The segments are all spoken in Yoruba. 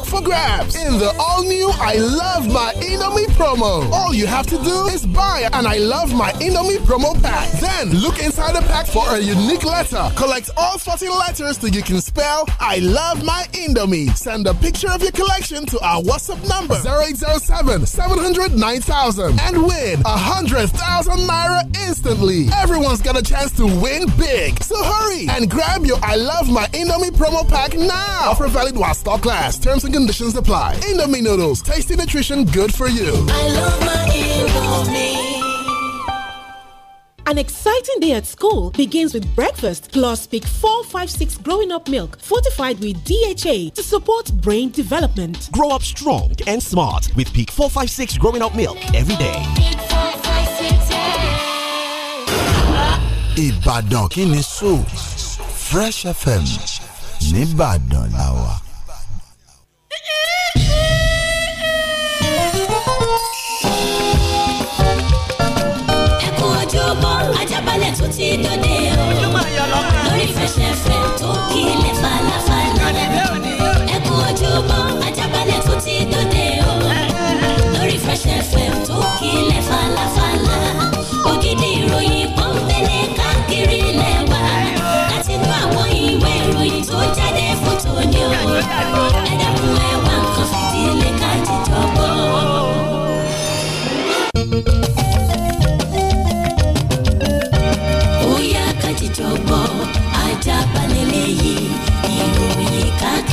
up for grabs in the all new I Love My Indomie promo. All you have to do is buy an I Love My Indomie promo pack. Then look in insider pack for a unique letter. Collect all 14 letters till you can spell I love my Indomie. Send a picture of your collection to our WhatsApp number 0807 700 9000 and win 100,000 Naira instantly. Everyone's got a chance to win big. So hurry and grab your I love my Indomie promo pack now. Offer valid while stock lasts. Terms and conditions apply. Indomie noodles, tasty nutrition, good for you. I love my Indomie. An exciting day at school begins with breakfast plus Peak 456 growing up milk fortified with DHA to support brain development. Grow up strong and smart with Peak 456 growing up milk every day. Ibadan kini so Fresh FM Nibadan lawa. ti dòde o lórí fẹsẹ̀fẹ̀ tó kílẹ̀ falafala ẹ kú ojúmọ́ ajábalẹ̀ tó ti dòde o lórí fẹsẹ̀fẹ̀ tó kílẹ̀ falafala ògidì ìròyìn pọ́npẹ́lẹ́ káàkiri ilẹ̀ wa láti inú àwọn ìwé ìròyìn tó jáde fún tòní o ẹ dẹ́kun nǹkan fìdílé ká jíjọ gbọ́.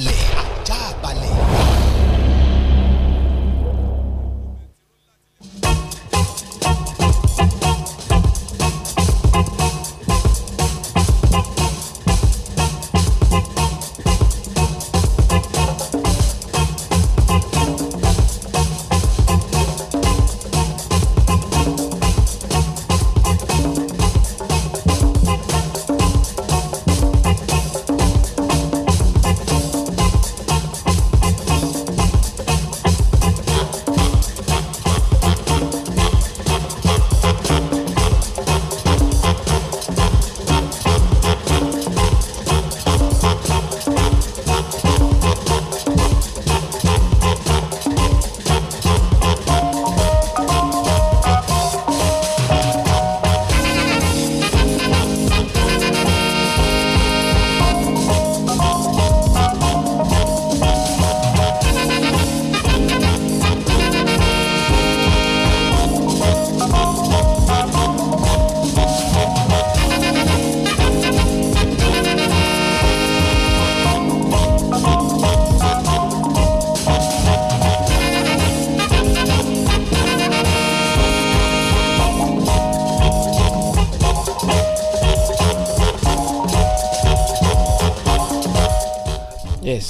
balẹ̀.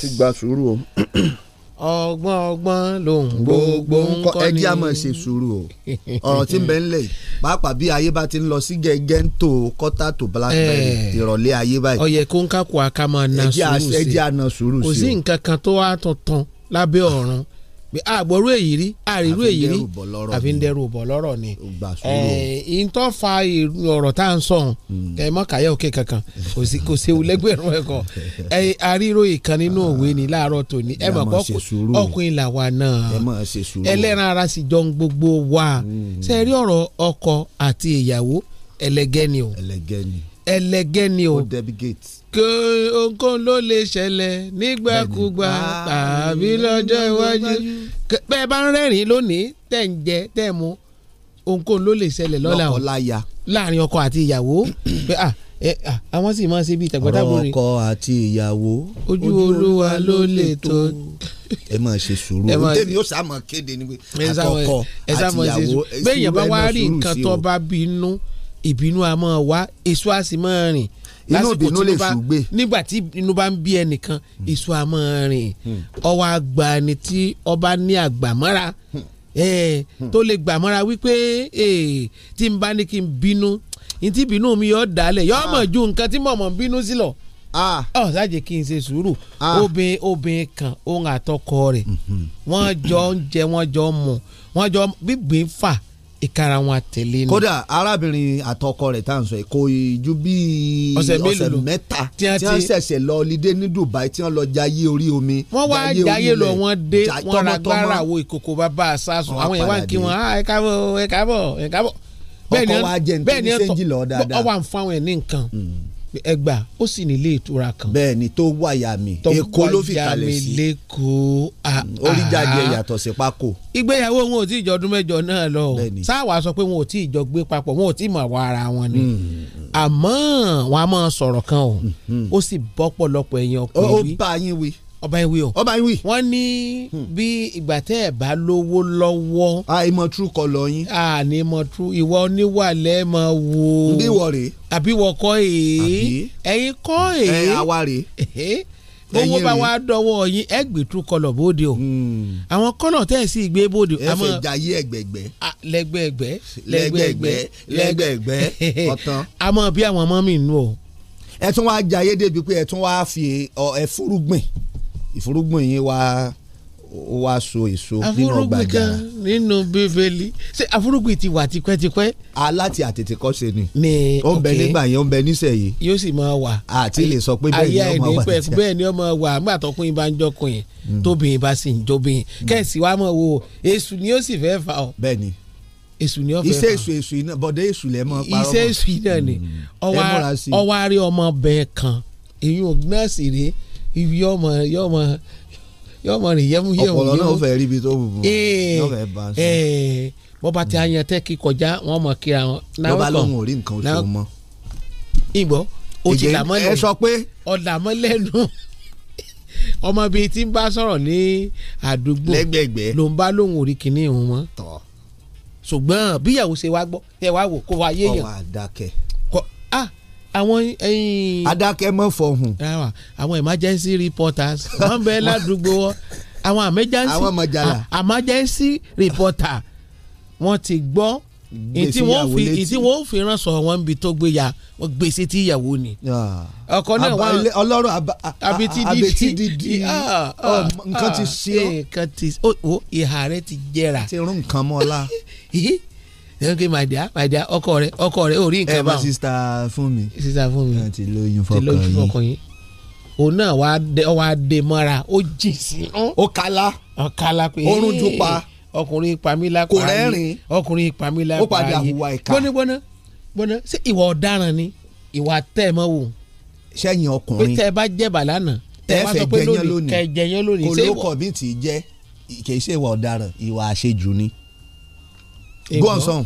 ti gba sùúrù o. ọgbọ́n ọgbọ́n lòun gbogbo ń kọ́ ni. ẹ jẹ́ a máa ṣe sùúrù o ọ̀rọ̀ tí ń bẹ ńlẹ̀ pàápàá bí ayé bá ti ń lọ sí gẹ́gẹ́ tó kọ́tà tó blackberry ìrọ̀lẹ́ ayé báyìí. ọ̀yẹ̀ kó ń kákó aká máa na sùúrù sí i ẹ jẹ́ a na sùúrù sí i. kò sí nǹkan kan tó wá tuntun lábẹ́ ọ̀run pé àgbọ̀rú èyí rí àrírú èyí rí àfi ń bọ̀ lọ́rọ̀ ni ẹ̀ẹ́n tó fa ọ̀rọ̀ tá à ń sọ̀hún hmm. kẹ̀mọ́ kàyà kankan kò séwu lẹ́gbẹ̀rún ẹ̀kọ́ àríró ìkan nínú òwe ni láàárọ̀ tòní ẹ̀ mọ̀ kọ́ ọkùnrin làwa náà ẹlẹ́ran ara sì jọ ń gbogbo wa hmm. ṣe ọ̀rọ̀ ọkọ àti ìyàwó ẹlẹgẹ́ o ẹlẹgẹ́ o ohunkóhun ló lè ṣẹlẹ̀ nígbàkúgbà tàbí lọ́jọ́ iwájú bẹ́ẹ̀ bá ń rẹ́rìn lónìí tẹ̀ ń jẹ tẹ̀ mu ohunkóhun ló lè ṣẹlẹ̀ lọ́la o láàrin ọkọ àti ìyàwó àwọn sì máa ṣe bíi tàgbàdàgbòrè ọ̀rọ̀ ọkọ àti ìyàwó ojú olúwa ló lè tó ẹ máa ṣe sùúrù tèmi ó sàmọ kéde ni pé àtọkọ àti ìyàwó bẹ́ẹ̀ yẹn bá wá rí nǹkan tó bá bínú ìbínú a máa wá èso a sì máa rìn inú ìbínú lè sùn nígbà tí inú bá ń bí ẹnìkan ìṣù hmm. àmọ́ rìn hmm. ọwọ́ àgbà ni tí ọba ní àgbàmọ́ra hmm. tó lè gbàmọ́ra wípé tí n bá ní kí n bínú ntí bínú mi yọ dálẹ̀ yọ mọ̀ ah. ju nǹkan tí mọ̀mọ́ bínú sí lọ ah. ọ ṣáàjì kí n ṣe sùúrù ah. obìnrin obìnrin kan òun àtọkọ rẹ̀ wọ́n jọ ń jẹ wọ́n jọ ń wọ́n jọ gbígbín fà ìkara wọn àtẹ̀lé ni. kódà arábìnrin àtọkọ rẹ̀ tá à ń sọ kò ju bíi ọ̀sẹ̀ mẹ́ta tí wọ́n ṣẹ̀ṣẹ̀ lọ lídé ní Dubai tí wọ́n lọ jayé orí omi. wọ́n wá jayé lọ wọ́n dé wọ́n ra gbára wo ìkòkò bàbá àṣàṣù àwọn ìwà ń kí wọn ah, ẹ káàbọ̀ ẹ káàbọ̀ ẹ káàbọ̀. ọkọ̀ wa jẹ́ nítorí sẹ́ńjì lọ dáadáa. bẹ́ẹ̀ ni ọwọ́ à fún àwọn ẹ̀ ní nǹkan. Hmm ẹgbà ó sì ní ilé ìtura kan. bẹ́ẹ̀ni tó wáyà mi èkó ló fi kalẹ̀ sí lẹkọọ àá oríjáde mm, ẹ yàtọ̀ sí pákó. ìgbéyàwó wọn ò tí ì jọdún mẹ́jọ náà lọ sáwà sọ pé wọn ò tí ì jọ gbé papọ̀ wọn ò tí ì mọ̀ wá ara wọn ni mm. àmọ́ wọn a máa sọ̀rọ̀ kan o mm-hmm. ó sì bọ́pọ̀lọpọ̀ ẹ̀yìn ọkùnrin wí. ó bá yín wí ọba ìwé o ọba ìwé. wọ́n ní hmm. bí ìgbà tẹ́ ẹ̀ bá lówó lọ́wọ́. a ìmọ̀ tú kọ lọ yín. a ní mọ̀ tú ìwọ oníwàlẹ̀ mọ̀ wò. ndé wọ rè. àbí wọ kọ́ èé. ẹ̀yin kọ́ èé. ẹ̀ àwa rè. owó bá wa dọwọ́ yín ẹ gbé tú kọlọ̀ bóde o. Hmm. àwọn kọ́nà tẹ́ ẹ̀ sì gbé bóde. ẹ fẹ́ jayé ẹgbẹ̀gbẹ́. lẹ́gbẹ̀gbẹ́ lẹ́gbẹ̀gbẹ́ lẹ́gbẹ̀gbẹ́ ọ̀tán. àmọ́ bí àwọn ọmọ mi nù ẹ tún wá jayé débi pé ẹ tún wá fi ẹ fúrúgbìn ìfúrúgbìn yín wá wá so èso nínú ọgbà àjà àfúrúgbìn kan nínú bíbélì ṣé àfúrúgbìn ti wà tipẹ́tipẹ́. aláti àtètèkọ́ṣe ni ni ok ó ń bẹ nígbà yẹn ó ń bẹ nísẹ̀yí. yóò sì máa wà àti lè sọ pé bẹ́ẹ̀ ni ọmọ wà títí. bẹ́ẹ̀ ni ọmọ wà nígbà tọkùnrin bá ń jọkùnrin mm. tóbìnrin bá sì ń jóbìnrin mm. kẹ́sì wa mọ̀ wo èṣù ni ó sì fẹ́ fà ọ́. bẹ́ẹ̀ ni èsù ni ọ fẹ́ fà iṣẹ́ èsù èsù iná bọ̀dé èsù ibi yọmọ yọmọ yọmọ rìn yẹmu yẹmu ọpọlọ náà fẹẹ ríbi tó bùbù eh, yọọ fẹẹ bá a sọ eh, bọ́ba tí a yan tẹ́ kí kọjá wọn mọ̀ kíra wọn. bọ́ba lóhùn orí nǹkan oṣù mọ́. ìgbọ́ o ti là mọ́ lẹ́nu ẹ sọ pé. ọ̀dà mọ́ lẹ́nu ọmọ bíi tí ń bá sọ̀rọ̀ ní àdúgbò lẹ́gbẹ̀gbẹ́ ló ń bá lóhùn orí kìíní ìhun mọ́. tọ́ ṣùgbọ́n bíyàwó ṣe wá gbọ́ tẹ wá wò kó wá yéèyàn. ọwọ́ àdàkẹ́. kọ́ ah àwọn. adákẹ́ mọ̀ fọ̀hún. àwọn emergency reporters wọ́n bẹ ládùúgbò wọn àwọn emergency àwọn mọ̀jàlá emergency reporter wọ́n ti gbọ́ ìtí wọ́n fi ìtí wọ́n fi ránṣọ wọn bi tó gbé ya wọ́n gbèsè tí ìyàwó ni. Ah. ọkọ náà wà ọlọ́run abetí didi nǹkan ti ṣe é. nǹkan ti ó ìhà rẹ ti jẹrà. ti rún nǹkan mọ́ ọ la then okay my dear my dear ọkọ rẹ ọkọ rẹ ò rí nǹkan báwọn. ẹ bá sista fún mi sista fún mi ti lóyún fọkàn yín ti lóyún fọkàn yín òun náà wàá dé wàá dé mọ́ra ó jì sí. ó kala ó kala pé oorun tún pa ọkùnrin pamila pa mí kò rẹ́rìn ọkùnrin pamila pa mí ó padà hùwà ìka gbọ́nà gbọ́nà gbọ́nà ṣé ìwà ọ̀daràn ni ìwà tẹ́ ẹ mọ́ wò. sẹ́yìn ọkùnrin pé tẹ́ ẹ bá jẹ́ bàlá tẹ́ ẹ fẹ́ jẹyán gọ́n sọ̀hún.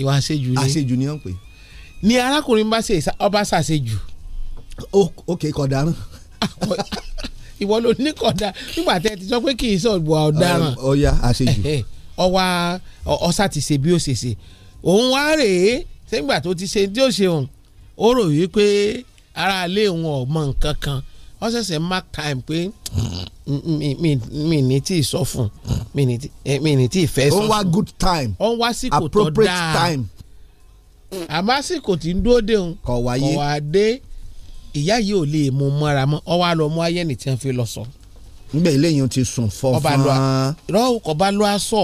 ìwà àṣejù ni àṣejù ni wọ́n pè. ni arákùnrin bá ṣe ọba ṣàṣejù. ókè kọ̀daràn. ìwọ ló ní kọ̀dà nígbà tẹ́ ti sọ pé kì í sọ ìwà ọ̀daràn. ọya àṣejù. ọwa ọsà ti ṣe bí ó ṣe ṣe òun wá rèé sẹ́gbà tó ti ṣe tí ó ṣe òun ó rò wípé aráalé òun ọ̀ mọ nǹkan kan ọ ṣẹ̀ṣẹ̀ mark time pé mm, mm, mi ní tí ì sọ fún mi ní tí eh, ì fẹ́ sọ fún. ó wá good time ó wá síkò tó dáa àmọ́ àsìkò tí ń dúró dé òun kọ̀ wá dé ìyá yìí ò lè mú mọ́ra mọ́ ọ wá lọ mú ayẹ́nì tí wọ́n fi lọ sọ. nígbà eléyìí ti sùn fọ fún un. rọ́ọ̀ kọ́ bá lọ́ọ́ sọ.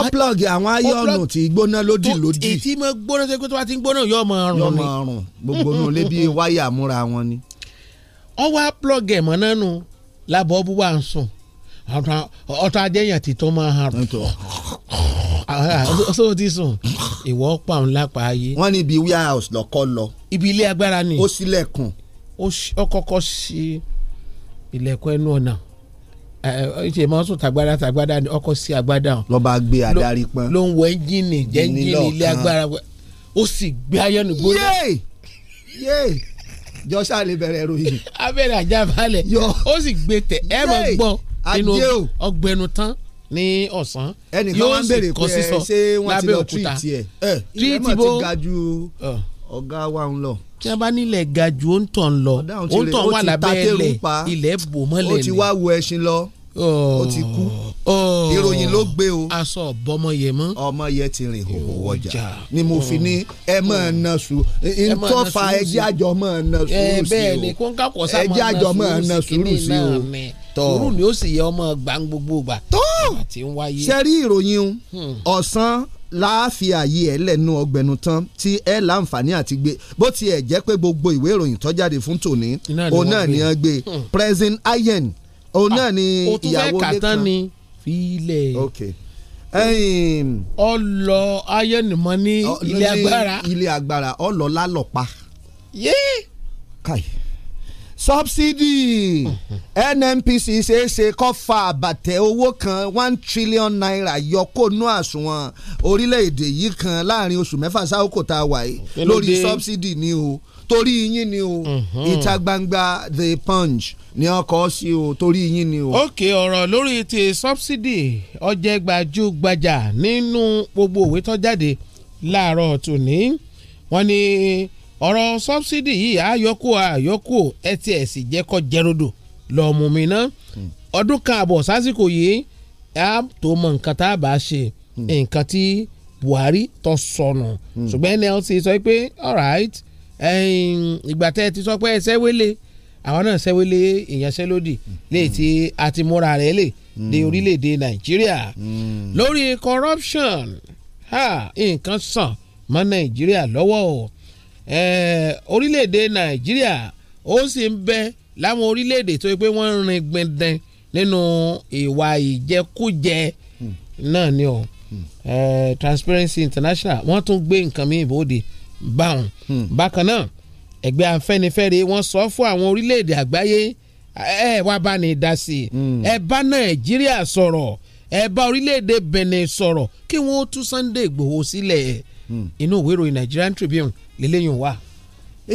ọ́plọ̀gì àwọn ayọ́nù tí gbóná lódì lódì. èyí tí mo gbóná sẹ́kẹ́ tó bá ti ń gbóná yóò máa rùn ni. yóò máa rùn gbogbo náà lébi wáyà múra wọn ni ọwọ́ àplọ́gẹ̀ mọ́ náà nù lábọ́ bú wà ń sùn ọ̀tọ̀ ajẹ́yàn ti tán máa hàn so ti sùn ìwọ pa òun lápá ayé. wọ́n ní ibi warehouse lọkọ lọ. ibi ilé agbára ni. ó ṣílẹ̀kùn. ó kọ́kọ́ ṣí ilẹ̀kùn ẹnu ọ̀nà ṣe máa ń sùn tàgbádá tàgbádá ni ọkọ̀ sí agbádá hàn. lọ́ba gbé adarí pọ́n. ló ń wọ ẹ́ńjìnì jẹ́ ilé agbára ó sì gbé ayánu gbóná. yéè yéè jọ́sà lè bẹ̀rẹ̀ ròyìn. abẹ́rẹ́ ajá balẹ̀ ó sì gbé tẹ̀ ẹ mọ̀ gbọ́ nínú ọgbẹ́nu tán ní ọ̀sán yóò sì kọ́ sísọ lábẹ́ òkúta tíìtì bó ọ̀gá wa ń lọ tí a bá nílẹ̀ ga ju ó ń tàn lọ ó ń tàn wà lábẹ́ ilẹ̀ ilẹ̀ bò mọ́lẹ̀ ni ó ti wá wo ẹṣin lọ ó ti kú ìròyìn ló gbé o aṣọ ọbọmọ yẹ mọ ọmọ yẹ ti rìn òwò wọjà ni mo fi ní ẹ mọ ẹ na sùúrù ntọ́fà ẹjẹ́ àjọ mọ ẹ na sùúrù sí o ẹjẹ́ àjọ mọ ẹ na sùúrù sí o tọ́ sùúrù ni ó sì yẹ ọmọ gbà ń gbogbo gbà tí ń wáyé. sẹ́rí ìròyìn hmm. ọ̀sán láàfin ààyè ẹ lẹ́nu ọgbẹ̀nu tán tí ẹ láǹfààní àti gbé bó tiẹ̀ jẹ́ pé gbogbo ìwé ìròyìn tó jáde fún tòní òun náà ni wọ́n gbé hmm. President Ayen O ah, náà ni ìyàwó lẹ́kàn. o tún fẹ́ kàtán ni filẹ̀. okay ọlọ ayẹnìmọ ní ilé agbára ilé agbára ọlọ lálọpa. kai subsidy NNPC ṣeéṣe kó fa àbàtẹ owó kan one trillion naira yọkónú àsùnwọ̀n orílẹ̀-èdè yìí kan láàrin oṣù mẹ́fà sáà kò tá a wà yìí lórí subsidy ni o torí yín ni o mhm. ìta gbangba the punch ni ọkọ̀ sí o torí yín ni o. òkè ọ̀rọ̀ lórí ti subsidy ọjẹ́ gbajúgbajà nínú gbogbo òwe tó jáde láàárọ̀ tòní wọ́n ní ọ̀rọ̀ subsidy yìí àyọkù àyọkù ẹ tiẹ̀ sì jẹ́ kó jẹ́rọ̀dọ̀ lọ́ọ̀mù mi ná hmm. ọdún kan àbọ̀ sásìkò yìí a tó mọ nǹkan tá a bá ṣe hmm. nǹkan tí Buhari tó sọnù hmm. ṣùgbọ́n NLC sọ pé all right ìgbà tẹ́ ẹ ti sọ pé ẹ àwọn náà sẹ́wélé ìyanṣẹ́lódì mm. léè tí a ti múra rẹ̀ lè ní mm. orílẹ̀-èdè nàìjíríà mm. lórí corruption nǹkan sàn mọ́ nàìjíríà lọ́wọ́ orílẹ̀-èdè nàìjíríà ó sì ń bẹ láwọn orílẹ̀-èdè tó yẹ pé wọ́n ń rin gbẹ̀ndẹ̀n nínú ìwà ìjẹkújẹ náà ni o Transparency International wọ́n tún gbé nǹkan mìíràn bóde báwọn. Hmm. bákan náà ẹgbẹ́ afẹ́nifẹ́re wọ́n sọ fún àwọn orílẹ̀-èdè àgbáyé ẹ wá bá ní dá sí i hmm. ẹ bá nàìjíríà sọ̀rọ̀ ẹ bá orílẹ̀-èdè benin sọ̀rọ̀ kí wọ́n tú Sunday Igboho sílẹ̀ hmm. inú ìwé ìròyìn Nigerian Tribune lélẹ́yìn wà.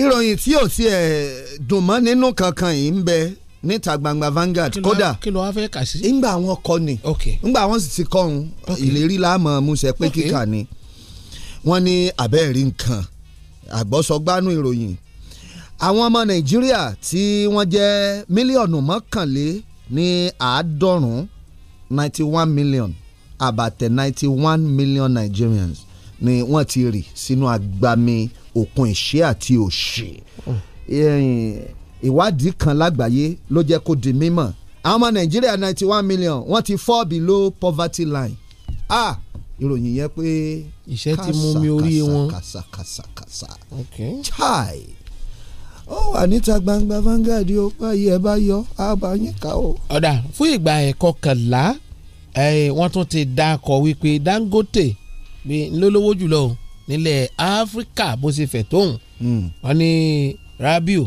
ìròyìn tí ò tiẹ̀ dùn mọ́ nínú kankan yìí ń bẹ níta gbangba Vanguard kódà kí ló wá fẹ́ kà sí. ńgbà wọn kọ ni ńgbà wọn sì ti kọ́ ọ̀hún ìlérí láàmú ọmúṣẹ pé kíkà ni wọ́n ní abẹ́ẹ̀rí nǹkan. Okay àgbọ́sọgbánú ìròyìn àwọn ọmọ nàìjíríà tí wọ́n jẹ́ mílíọ̀nù mọ́kànlé ní àádọ́rùn-ún ninety one million àbàtẹ̀ ninety one million Nigerians ni wọ́n ti rì sínú agbami òkun ìṣẹ́ àti òṣì ìwádìí kan lágbàáyé ló jẹ́ kó di mímọ̀ àwọn ọmọ nàìjíríà ninety one million wọ́n ti fall below poverty line. Ah, ìròyìn yẹn pé iṣẹ́ ti mú mi orí wọn kàṣàkàṣàkàṣà chai ó wà níta gbangba Vanguard ó báyìí ẹ bá yọ àbá yín ká o. ọ̀dà fún ìgbà ẹ̀kọ́ kànlá wọ́n tún ti dá akọ wípé Dangote lólówó jùlọ nílẹ̀ Áfíríkà bó ṣe fẹ̀ tóun hmm. wọ́n ní Rabiu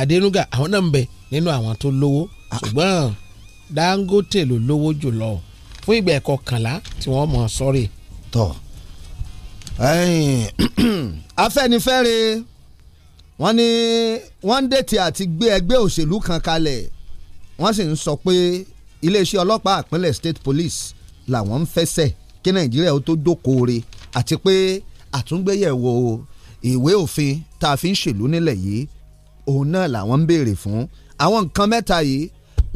Adenuga àwọn náà ń bẹ nínú àwọn tó lówó ah. ṣùgbọ́n Dangote ló lówó jùlọ fún ìgbà ẹ̀kọ́ kànlá tí wọ́n mọ̀ sọ́rí. tọ Afẹ́nifẹ́re wọ́n ní wọ́n ń dètè àti gbé ẹgbẹ́ òṣèlú kan kalẹ̀ wọ́n sì ń sọ pé iléeṣẹ́ ọlọ́pàá ìpínlẹ̀ state police làwọn ń fẹsẹ̀ kí nàìjíríà ó tó dókòore àti pé àtúngbéyẹ̀wò ìwé òfin tá a fi ń ṣèlú nílẹ̀ yìí òun náà làwọn ń béèrè fún àwọn nǹkan mẹ́ta yìí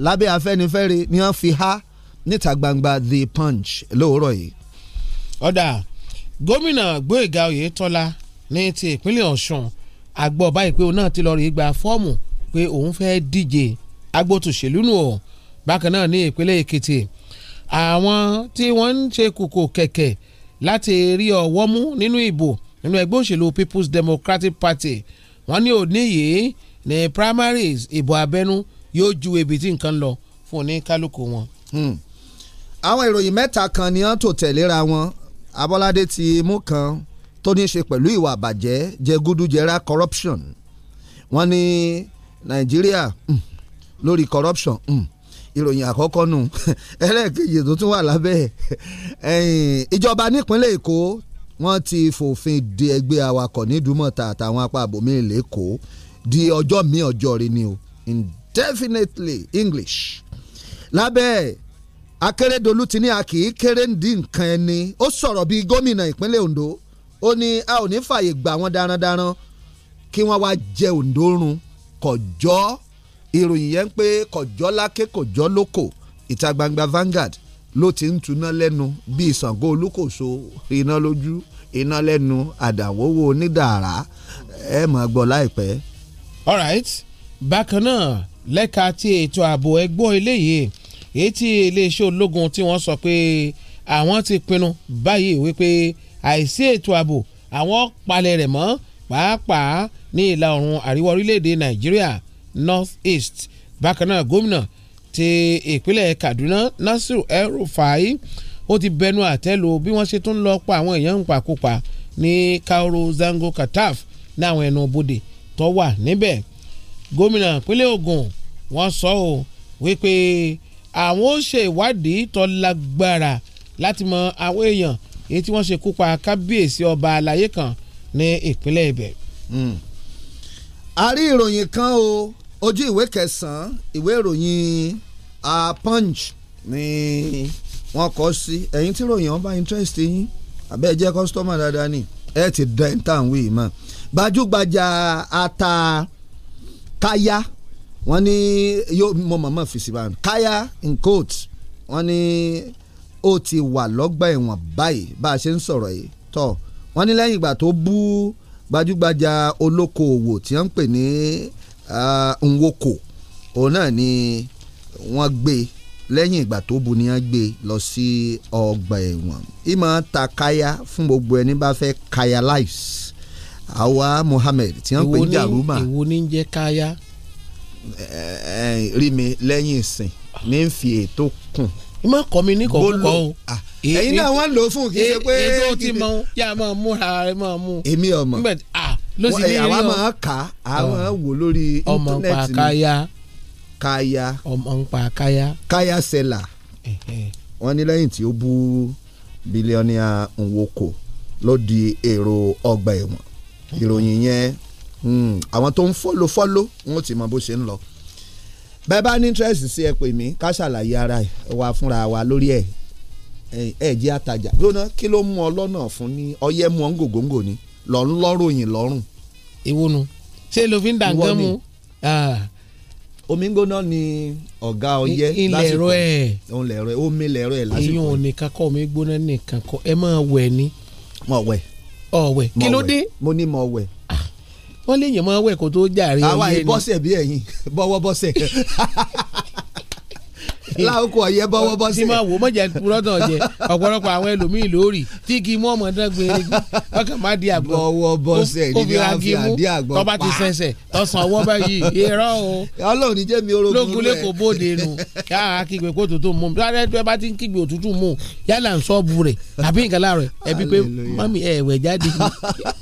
lábẹ́ afẹ́nifẹ́re ni wọ́n fi há níta gbangba the punch lóòrọ̀ yìí. ọ̀dà gómìnà Gbóyèga Oyètọ́lá ní ti ìpínlẹ̀ Ọ̀ṣun àgbọ̀ báyìí pé òun náà ti lọ rí gba fọ́ọ̀mù pé òun fẹ́ díje agbótòṣèlú nù ọ́ bákan náà ní ìpínlẹ̀ Èkìtì àwọn tí wọ́n ń ṣe kòkò kẹ̀kẹ́ láti rí ọwọ́ mú nínú ìbò nínú ẹgbẹ́ òṣèlú People's Democratic Party wọ́n ní òní yìí ní primaries ìbò abẹ́nú yóò ju ebi tí nǹkan lọ fún oníkálukú wọn. Hmm àwọn ìròyìn mẹ́ta kan ni wọ́n tò tẹ̀léra wọn Abọ́ládé ti mú kan tó ní í ṣe pẹ̀lú ìwà àbàjẹ́ jẹgúdújẹrá corruption wọ́n ní Nàìjíríà hmm, lórí corruption hmm, ìròyìn àkọ́kọ́ nù ẹlẹ́ẹ̀kejì tó tún wà lábẹ́ ìjọba nípínlẹ̀ Èkó wọ́n ti fòfin de ẹgbẹ́ awakọ̀ nídùúmọ̀ta àtàwọn apá àbòmí lẹ́kọ̀ọ́ di ọjọ́ mi ọjọ́ rẹ ni o indefinitely English lábẹ́ Akérédolú ti ní a kì í kéré ń nǹkan ẹni ó sọ̀rọ̀ bíi gómìnà ìpínlẹ̀ Ondo ó ní a ò ní fààyè gbà wọ́n darandaran kí wọ́n wá jẹ Ondo run kọjọ́ ìròyìn yẹn ń pé kọjọ́ lákè kọjọ́ lóko ìta gbangba Vanguard ló ti ń tuná lẹ́nu bíi Ṣàngó Olúkòso iná lójú iná lẹ́nu àdàwówó onídàárà ẹ mọ̀ gbọ́ láìpẹ́. all right bákan náà lẹ́ka tí ètò ààbò ẹgbọ́n eléyìí èyí tí iléeṣẹ́ ológun tí wọ́n sọ pé àwọn ti pinnu báyìí wípé àìsí ètò ààbò àwọn palẹ̀ rẹ̀ mọ́ pàápàá ní ìlà oòrùn àríwá orílẹ̀-èdè nàìjíríà north east bákan náà gómìnà ti ìpínlẹ̀ kaduna nasir el-rufai ó ti bẹnu àtẹ́lu bí wọ́n ṣe tún lọ pa àwọn èèyàn ń pakópa ní kaoro zango kataf ní àwọn ẹnu bodè tó wà níbẹ̀ gómìnà ìpínlẹ̀ Ògùn wọ́n sọ ọ́ wípé àwọn ó ṣe ìwádìí tó lágbára láti mọ àwọn èèyàn èyí tí wọ́n ṣe kú pa kábíyèsí ọba àlàyé kan ní ìpínlẹ̀ ibẹ̀. Hmm. a rí ìròyìn kan o ojú ìwé kẹsàn-án ìwé ìròyìn punch ni wọ́n kọ sí ẹ̀yin tí ìròyìn ọba interest yín àbẹ́ ẹ jẹ́ kọ́sítọ́mà dáadáa ni ẹ ti dẹ́ntàwé mọ́ gbajúgbajà ata kaya wọ́n ní yóò mọ mọ̀mọ́ fèsì bá wọn káyà nkoat wọ́n ní ó ti wà lọ́gbà ẹ̀wọ̀n báyìí bá a ṣe ń sọ̀rọ̀ yìí tọ́ wọ́n ní lẹ́yìn ìgbà tó bú gbajúgbajà olókoòwò tí wọ́n ń pè ní nwoko òun náà ni wọ́n gbé lẹ́yìn ìgbà tó bu ni wọ́n gbé lọ sí ọgbà ẹ̀wọ̀n ìmọ̀ ta káyà fún gbogbo ẹni bá fẹ́ káyà lives àwa Mohammed tí wọ́n ń pè ní Jaruma ìwo ní jẹ́ káyà rí mi lẹ́yìn ìsìn ní n fi ètò kùn má kọ́ mi ní kọ̀ọ̀kọ̀ o. Ah, ẹ̀yin náà wọ́n lò fún kí n ṣe pé. ètò ti mọ yá máa mú ara rẹ máa mú. èmi ọmọ ah, ló sì ní ilé àwa máa kà á máa wò lórí íńtánẹ́ẹ̀tì ọmọ ń pa ọmọ ń pa káyá. káyá ní lẹ́yìn tí ó bú bílíọ̀nìà nwoko ló di èrò ọgbà ẹ̀wọ̀n ìròyìn yẹn Hmm, àwọn tó ń fọ́lọ́ fọ́lọ́ wọn ti mọ bó ṣe ń lọ bẹ́ẹ̀ bá ní interest sí ẹ pè mí ká ṣàlàyé ara wa fúnra wa lórí ẹ̀ ẹ jẹ́ àtàjà lónà kí ló mú ọ lọ́nà fún ní ọyẹ́ mú ọ ń gògóńgò ni lọ́ ń lọ́ròyìn lọ́rùn. èwo nu ṣé ló fi ń dàgbẹ́ mu. Ah. omi gbóná ni ọ̀gá ọyẹ́ lásìkò ilẹ̀ ẹ̀rọ ẹ̀ òun lẹ̀rọ ẹ̀ omi lẹ̀rọ ẹ̀ lásìkò. eyín òní kakọ́ omi gbóná nìkan ni. mo wẹ̀. ọ̀wẹ̀ kí ló dé. mo ní wọ́n lè yàn wẹ̀ kó tó jàre. àwa yìí bọ́sẹ̀ bí ẹ̀yin bọ́wọ́ bọ́sẹ̀ láwùkọ ọyẹ bọ́wọ́ bọ́sẹ̀. tí máa wò mọ̀ jẹ́ púrọ́tàn jẹ ọ̀pọ̀lọpọ̀ àwọn ẹlòmíì lórí tí kì í mú ọmọ náà gbére ọkàn má di àgbọ̀. bọ́wọ́ bọ́sẹ̀ níbi àfihàn di àgbọ̀ pa tọ́ba ti sẹ̀sẹ̀ tọ̀sán ọwọ́ báyìí irọ́ o. ọlọ́run ní jẹ́mi orogún rẹ̀ lókun lẹ́kọ̀ọ́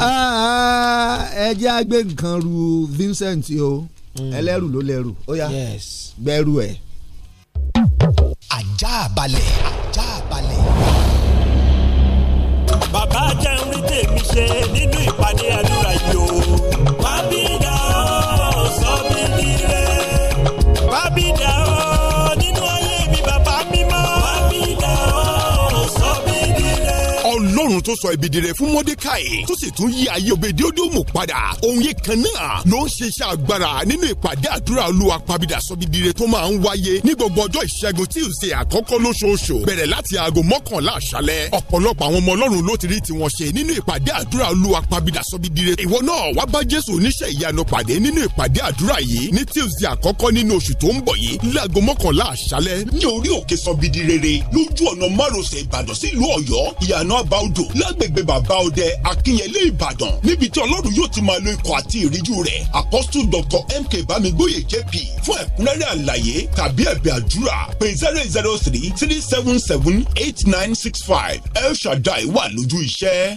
Ah, ẹ jẹ́ nǹkan ru Vincent o hmm. ẹlẹ́rù ló lẹ́rù ó yá gbẹ́rù ẹ̀. ajá balẹ̀ ajá balẹ̀. bàbá jẹun tèmi ṣe nínú ìpàdé àdúrà yìí o ọlọ́run tó sọ ibi dire fún mọ́dékàì tó sì tún yí ayé òbèdè ódòmù padà òun yìí kan náà ló ń ṣe iṣẹ́ agbára nínú ìpàdé àdúrà olúwa pàbídà sọ ibi dire tó máa ń wáyé ní gbogbo ọjọ́ ìṣẹ́gun tí ì ṣe àkọ́kọ́ lóṣooṣù bẹ̀rẹ̀ láti aago mọ́kànlá àṣálẹ́ ọ̀pọ̀lọpọ̀ àwọn ọmọ ọlọ́run ló ti rí tiwọn ṣe nínú ìpàdé àdúrà olúwa pàbídà sọ ibi dire ìwọ náà wá bá jésù oníṣẹ́ ìyanu pàdé nínú ìpàdé àdúrà yìí ní tí ì ṣe àkọ́kọ́ nínú oṣù tó ń bọ̀ yìí láago mọ́kànlá àṣálẹ́ ní orí òkè sọ lójú ọ̀nà márosẹ̀ ìbàdàn sílùú ọ̀yọ́ ìyànà àbáwọ̀dọ̀ lágbègbè bàbá ọdẹ akínyẹlé ìbàdàn níbi tí ọlọ́run yóò ti máa lo ikọ̀ àti ìríjú rẹ̀ apostle dr mk bámigbóyè jp fún ẹ̀kúnrẹ́rẹ́ àlàyé tàbí ẹ̀bẹ̀ àdúrà pé zero zero three three seven seven eight nine six five el shaddai wà lójú iṣẹ́.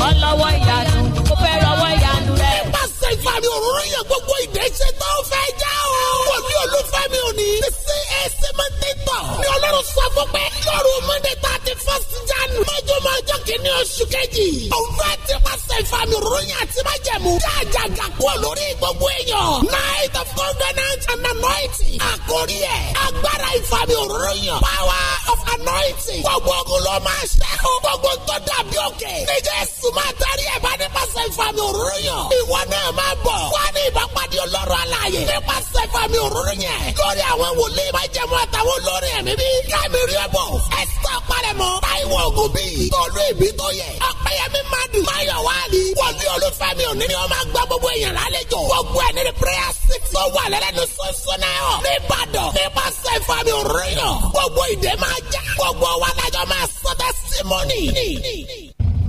Ọkọ̀ lọ́wọ́ ìyanu, ó fẹ́ rọwọ́ ìyanu rẹ̀. Nípasẹ̀ ìfàmì òróró yẹn gbogbo ìdẹ́sẹ̀ tó fẹ́ já o. Wọ́n ní olúfẹ́mi òní. Ṣé ni ọlọ́run sọ fún pé lọ́rùn monday thirty first jan lójúmọ́ ọjọ́ kìíní oṣù kejì òun fẹ́ ti pàṣẹ ìfàmì ròyìn àti májẹ̀mú jáàjà gàkúọ̀ lórí gbogbo èèyàn night of covenant and anointing àkórí ẹ̀ agbára ìfàmì ròyìn power of anointing gbogbo ogun ló máa ṣẹ́ o gbogbo tó dàbí òkè níjẹ́ sùnmọ́ àtàrí ẹ̀ bá ní ìfàmì ròyìn ìwọ náà máa bọ̀ wá ìbápadì ọlọ́run aláàyè. nípa sẹ́fà mi òróró yẹn. lórí àwọn wòlíì máa jẹun àtàwọn olórin ẹ̀mí bí. kámi rí ẹ̀bọ̀ ẹ̀sítà parẹ́mọ. táìwọ̀ ògùn bíi. tọ́lú ìbí tó yẹ. ọ̀pẹ̀yẹmí máa dùn. máyọ̀ wá ní. wọlé olúfẹ́mi òní ni wọ́n máa gba gbogbo èèyàn lálejò. gbogbo ẹ̀ ní prayer six tó wà lẹ́lẹ́nu sọ́sọ́nà ọ̀. níbàdàn nípa sẹ́fà mi òróró yàn. gbogbo ìdè máa já. gbogbo wa lájọ máa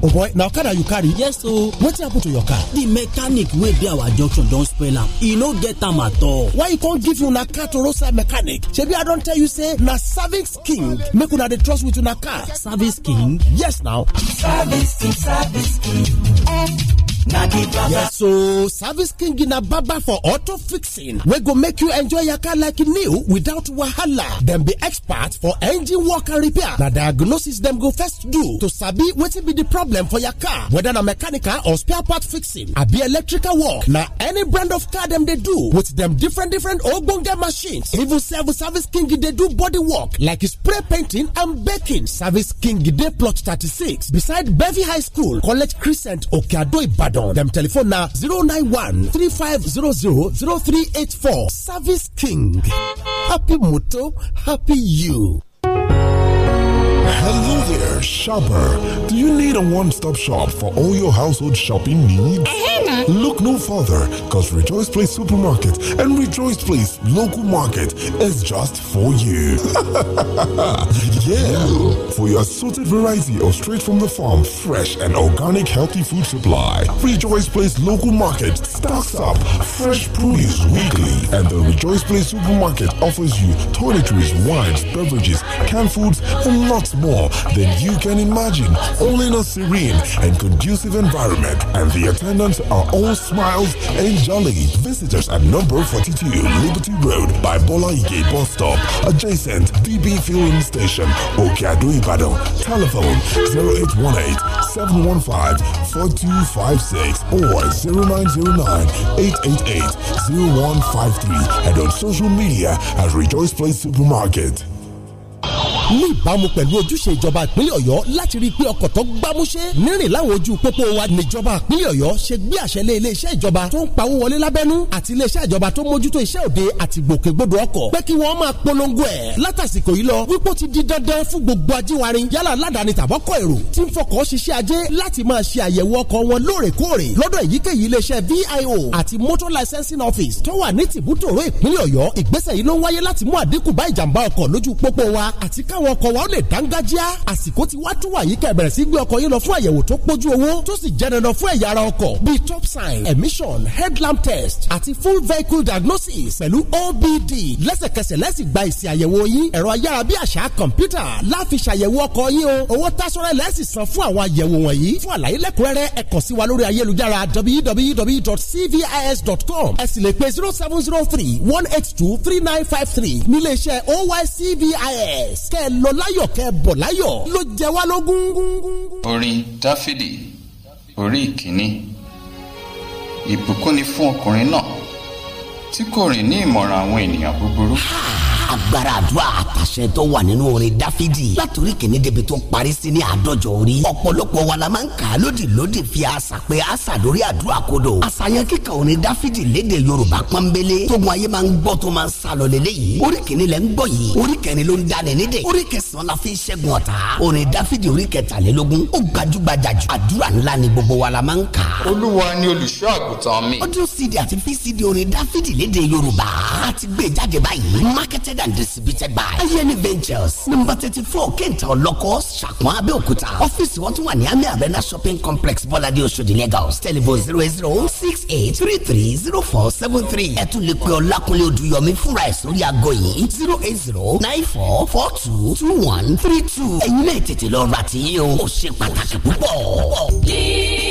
oh boy na okada you carry yes ooo oh. wetin happen to your car The mechanic wey be our junction don spoil am e no get am at all why e come give una car to roadside mechanic shebi i don tell you say na service king make una dey trust with una car service king yes na service king service king Yes, so service king na baba for auto fixing We go make you enjoy your car like new without wahala. Then be expert for engine work and repair. The diagnosis them go first do to sabi wetin be the problem for your car, whether na mechanical or spare part fixing, be electrical work. Now any brand of car them they do with them different different ogbonge machines. Even sef service king they do body work like spray painting and baking. Service king they plot thirty-six beside Bevy high school college crescent Okeado Ibadan. Ibadan. Dem telephone na 091 3500 0384. Service King. Happy Moto, happy you. Hello there, shopper. Do you need a one-stop shop for all your household shopping needs? Uh-huh, Look no further, because Rejoice Place Supermarket and Rejoice Place Local Market is just for you. yeah, for your assorted variety of straight from the farm, fresh and organic healthy food supply, Rejoice Place Local Market stocks up fresh produce weekly, and the Rejoice Place Supermarket offers you toiletries, wines, beverages, canned foods, and lots more than you can imagine, all in a serene and conducive environment. And the attendants are all smiles and jolly. Visitors at number 42 Liberty Road by Bola Ike bus stop, adjacent DB Fueling Station, Okado Ibadan. Telephone 0818 715 4256 or 0909 888 0153 and on social media at Rejoice Place Supermarket. ní ìbámu pẹ̀lú ojúṣe ìjọba ìpínlẹ̀ ọ̀yọ́ láti rí i pé ọkọ̀ tó gbámúṣé nírìn láwọn ojú pópó wa níjọba ìpínlẹ̀ ọ̀yọ́ ṣe gbé àṣẹ lé iléeṣẹ́ ìjọba tó ń pawó wọlé lábẹ́nú àti iléeṣẹ́ ìjọba tó mójútó iṣẹ́ òde àti gbòkègbodò ọkọ̀ pé kí wọ́n máa polongo ẹ̀ látàsìkò yìí lọ wípé ó ti di dandan fún gbogbo ajíwárin yálà aládàáni tàbọ́kọ̀ èrò tí ń fọkọ̀ ṣiṣẹ́ ajé láti máa ṣe àyẹ̀wò ọkọ̀ wọn lóòrèkóòrè lọ́dọ̀ èyíkéyìí iléeṣẹ́ VIO àti motor licensing office tó wà ní tìbútòrò ìpínlẹ̀ ọ̀yọ́ ìgbésẹ̀ yìí ló ń wáyé láti mú àdínkù bá ìjàmbá ọkọ̀ lójú pópó wa àti káw káwọn ọkọ̀ wa ó lè dángájíá àsìkò tí wàá tún wà yìí kẹ̀bẹ̀rẹ̀ sí gbé ọkọ̀ yín lọ fún àyẹ̀wò tó pójú owó tó sì jẹ́ dandan fún ẹ̀yà ara ọkọ̀ bíi top sign emission headlamp test àti full vehicle diagnosis pẹ̀lú OBD lẹ́sẹ̀kẹsẹ̀ lẹ́sìn gba ìsìn àyẹ̀wò yín ẹ̀rọ ayárabíàṣá kọ̀ǹpútà láfi ṣàyẹ̀wò ọkọ̀ yín o owó tásọ̀rẹ́ lẹ́sìn san fún àwọn àyẹ̀wò wọ̀nyí fún àlàyé lẹ́kùnrẹ́rẹ́ ẹ kàn sí wa lórí ayélujára www.cvis.com ẹ sì lè pe zero seven zero three one eight two three nine five three nílé iṣẹ́ oycvis kẹ́ kẹ́ ẹ lọ láyọ̀ kẹ́ bọ̀ láyọ̀ ló jẹ wá lógún. orin dáfídì orí ìkíní ìbùkún ni fún ọkùnrin náà tí kò rìn ní ìmọ̀ràn àwọn ènìyàn búburú agbára àdúrà àtàṣẹ tó wà nínú orin dáfídì látòrí kìíní débi tó parí sí ní àádọ́jọ orí ọ̀pọ̀lọpọ̀ wa la máa ń kà á lódì lódì fi àṣà pé àṣà lórí àdúrà kodò àṣàyàn kíkà orin dáfídì léde yorùbá pọ́nbélé tógun ayé máa ń gbọ́ tó máa ń sá lọ lélẹ́yìí orí kìíní lẹ́ ń gbọ́ yìí orí kẹrin ló ń dalẹ̀ nídẹ̀ orí kẹsàn-án la fi ń ṣẹ́gun ọ̀tá olúwa ni olùṣọ́ àgùntàn mi. audio cd àti vcd orin dáfídì léde yorùbá a ti gbé jáde báyìí marketed and distributed by ayeni ventures number thirty four kẹntà ọlọ́kọ̀ ṣàpọ̀n abẹ́òkúta ọ́fíìsì wọn tún wà ní ami arena shopping complex bọ́ládé oṣòdì lagos telephone zero eight zero six eight three three zero four seven three ẹ tún lè pe ọlákùnlé odùyọmí fúnra ẹ̀ sórí aago yìí zero eight zero nine four four two two one three two ẹ̀yin náà tètè lọ ra tiyín o ó ṣe pàtàkì púpọ̀.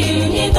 universe.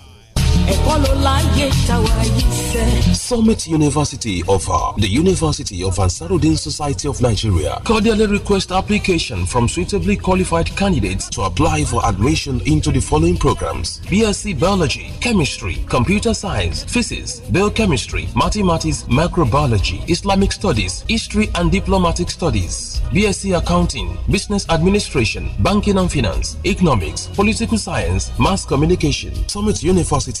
Summit University of the University of Ansarudin Society of Nigeria cordially request application from suitably qualified candidates to apply for admission into the following programs BSc Biology, Chemistry, Computer Science, Physics, Biochemistry, Mathematics, Microbiology, Islamic Studies, History and Diplomatic Studies, BSc Accounting, Business Administration, Banking and Finance, Economics, Political Science, Mass Communication, Summit University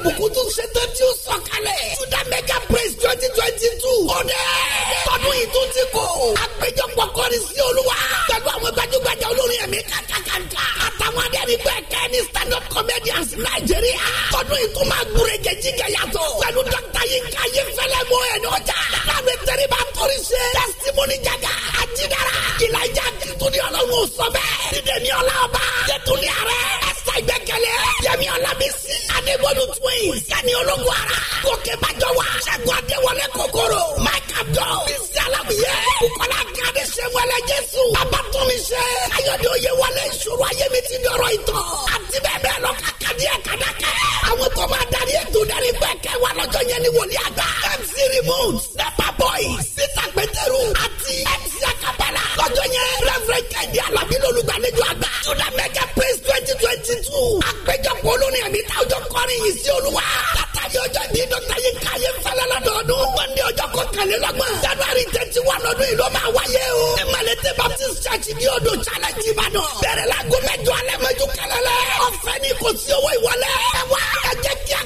ìbùkún tún ṣe tán tí ó sọ̀kalẹ̀. Judah mega praise twenty twenty two. Ọ̀dẹ́ tọdún yìí tún ti kò. Àpéjọpọ̀ kọrin sí Olúwa. Pẹ̀lú àwọn gbajúgbajà olórin ẹ̀mí kàkàkàkà. Àtàwọn adẹ́rìn bẹ́ẹ̀ kẹ́ ní stand up comedians Nàìjíríà. Tọdún yìí tún máa gbúre jẹjí kẹyàtọ̀. Pẹ̀lú Dr. Yinka Yefẹ́lẹ́ mọ ẹ̀nà ọjà. Láàbẹ̀ tẹ̀rí bá kọrin ṣe. Testimony jaga. Àjìdára. Ìlàjà kìtùnú ọlọ́run sọ bẹ́ẹ̀. Dídé ní ọlá ọba. Yẹtùnú ààrẹ. Ẹs ta ìgbẹ́kẹ̀lé. yẹmi ọlábísí adébólú twins yanni ológun ara gòkè bàjọ wa ṣẹ́gun adéwọlé kòkòrò mike abdul bísí alábìyẹ kọ́lá káde sẹ́wọlé jésù babatunmi ṣe ayọ̀dẹ oyè wọlé ìṣòro ayé mi ti dọ̀rọ̀ ìtàn àti bẹ́ẹ̀ bẹ́ẹ̀ lọ kàkàdí ẹ̀ kàdákẹ́ àwọn tó máa darí ètò darí gbẹ̀kẹ́ wà lọ́jọ́ yẹn ni wòlíì àgbà mc remote nepa boy sita gbẹdẹrù àti mc akabala lọ́jọ́ yẹn reverend kẹ́hìndé alábí lolùgbàlejò àgbà judah mega praise twenty twenty two. àpéjọpọ̀ olórin àmì tá ọjọ́ kọrin yìí sí olúwa. látàrí ọjọ́ ìdí dọ́kítà yìí ká fẹ́lẹ́ lọ́dọọdún. mọ́ndé ọjọ́ kọkànlélọ́gbọ̀n. january twenty one ọdún yìí ló máa wáyé o. ní malete baptist church ní odò challenge ìbàdàn. bẹ̀rẹ̀ la go mẹ́jọ alẹ́ mẹ́jọ kẹlẹ́lẹ́. ọ̀fẹ́ ni kò sí owó ìwọlé. ẹ wá ẹ jẹ́ kí a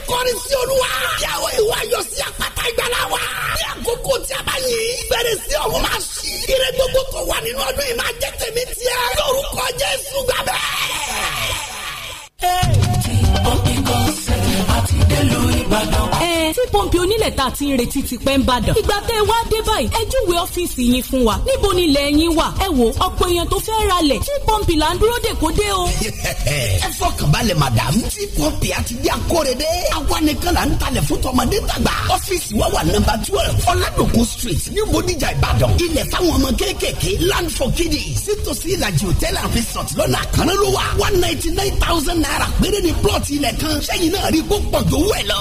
sí olúwa. yàwó ìwà yọ sí àpáta ìgbàlá wa. ní àkókò tí a bá yìí. bẹ̀rẹ̀ sí ọ̀hún máa ṣí. ire tó wà nínú ọdún yìí máa jẹ́ tèmi tiẹ̀. lórúkọ jésù gbàgbẹ́. Hey ìbàdàn. ẹ tí pọ́ǹpì onílẹ̀ tá a ti ń retí ti pẹ́ ń bàdàn. ìgbà tẹ́ ẹ wá dé báyìí ẹ júwe ọ́fíìsì yín fún wa níbo ni ilẹ̀ yín wà. ẹ wo ọ̀pọ̀ èèyàn tó fẹ́ ra lẹ̀ tí pọ́ǹpì là ń dúró dè kó dé o. ẹ fọkàn balẹ̀ madam tí pọ́ǹpì àti bí akóredé àwa nìkan là ń talẹ̀ fún tọmọdé tàgbà. ọ́fíìsì wa wà nọ́mbà twelve ọ̀làdòkun street ní bódìjà ìbàdàn. ilẹ̀ fáwọn ọmọ kéékèèké land for and resort lọ́nà àkànlélówà one ninety nine thousand naira péré ni plọ̀tì ilẹ̀ kan sẹ́yìn náà rí gbó pọ̀ jówó ẹ̀ lọ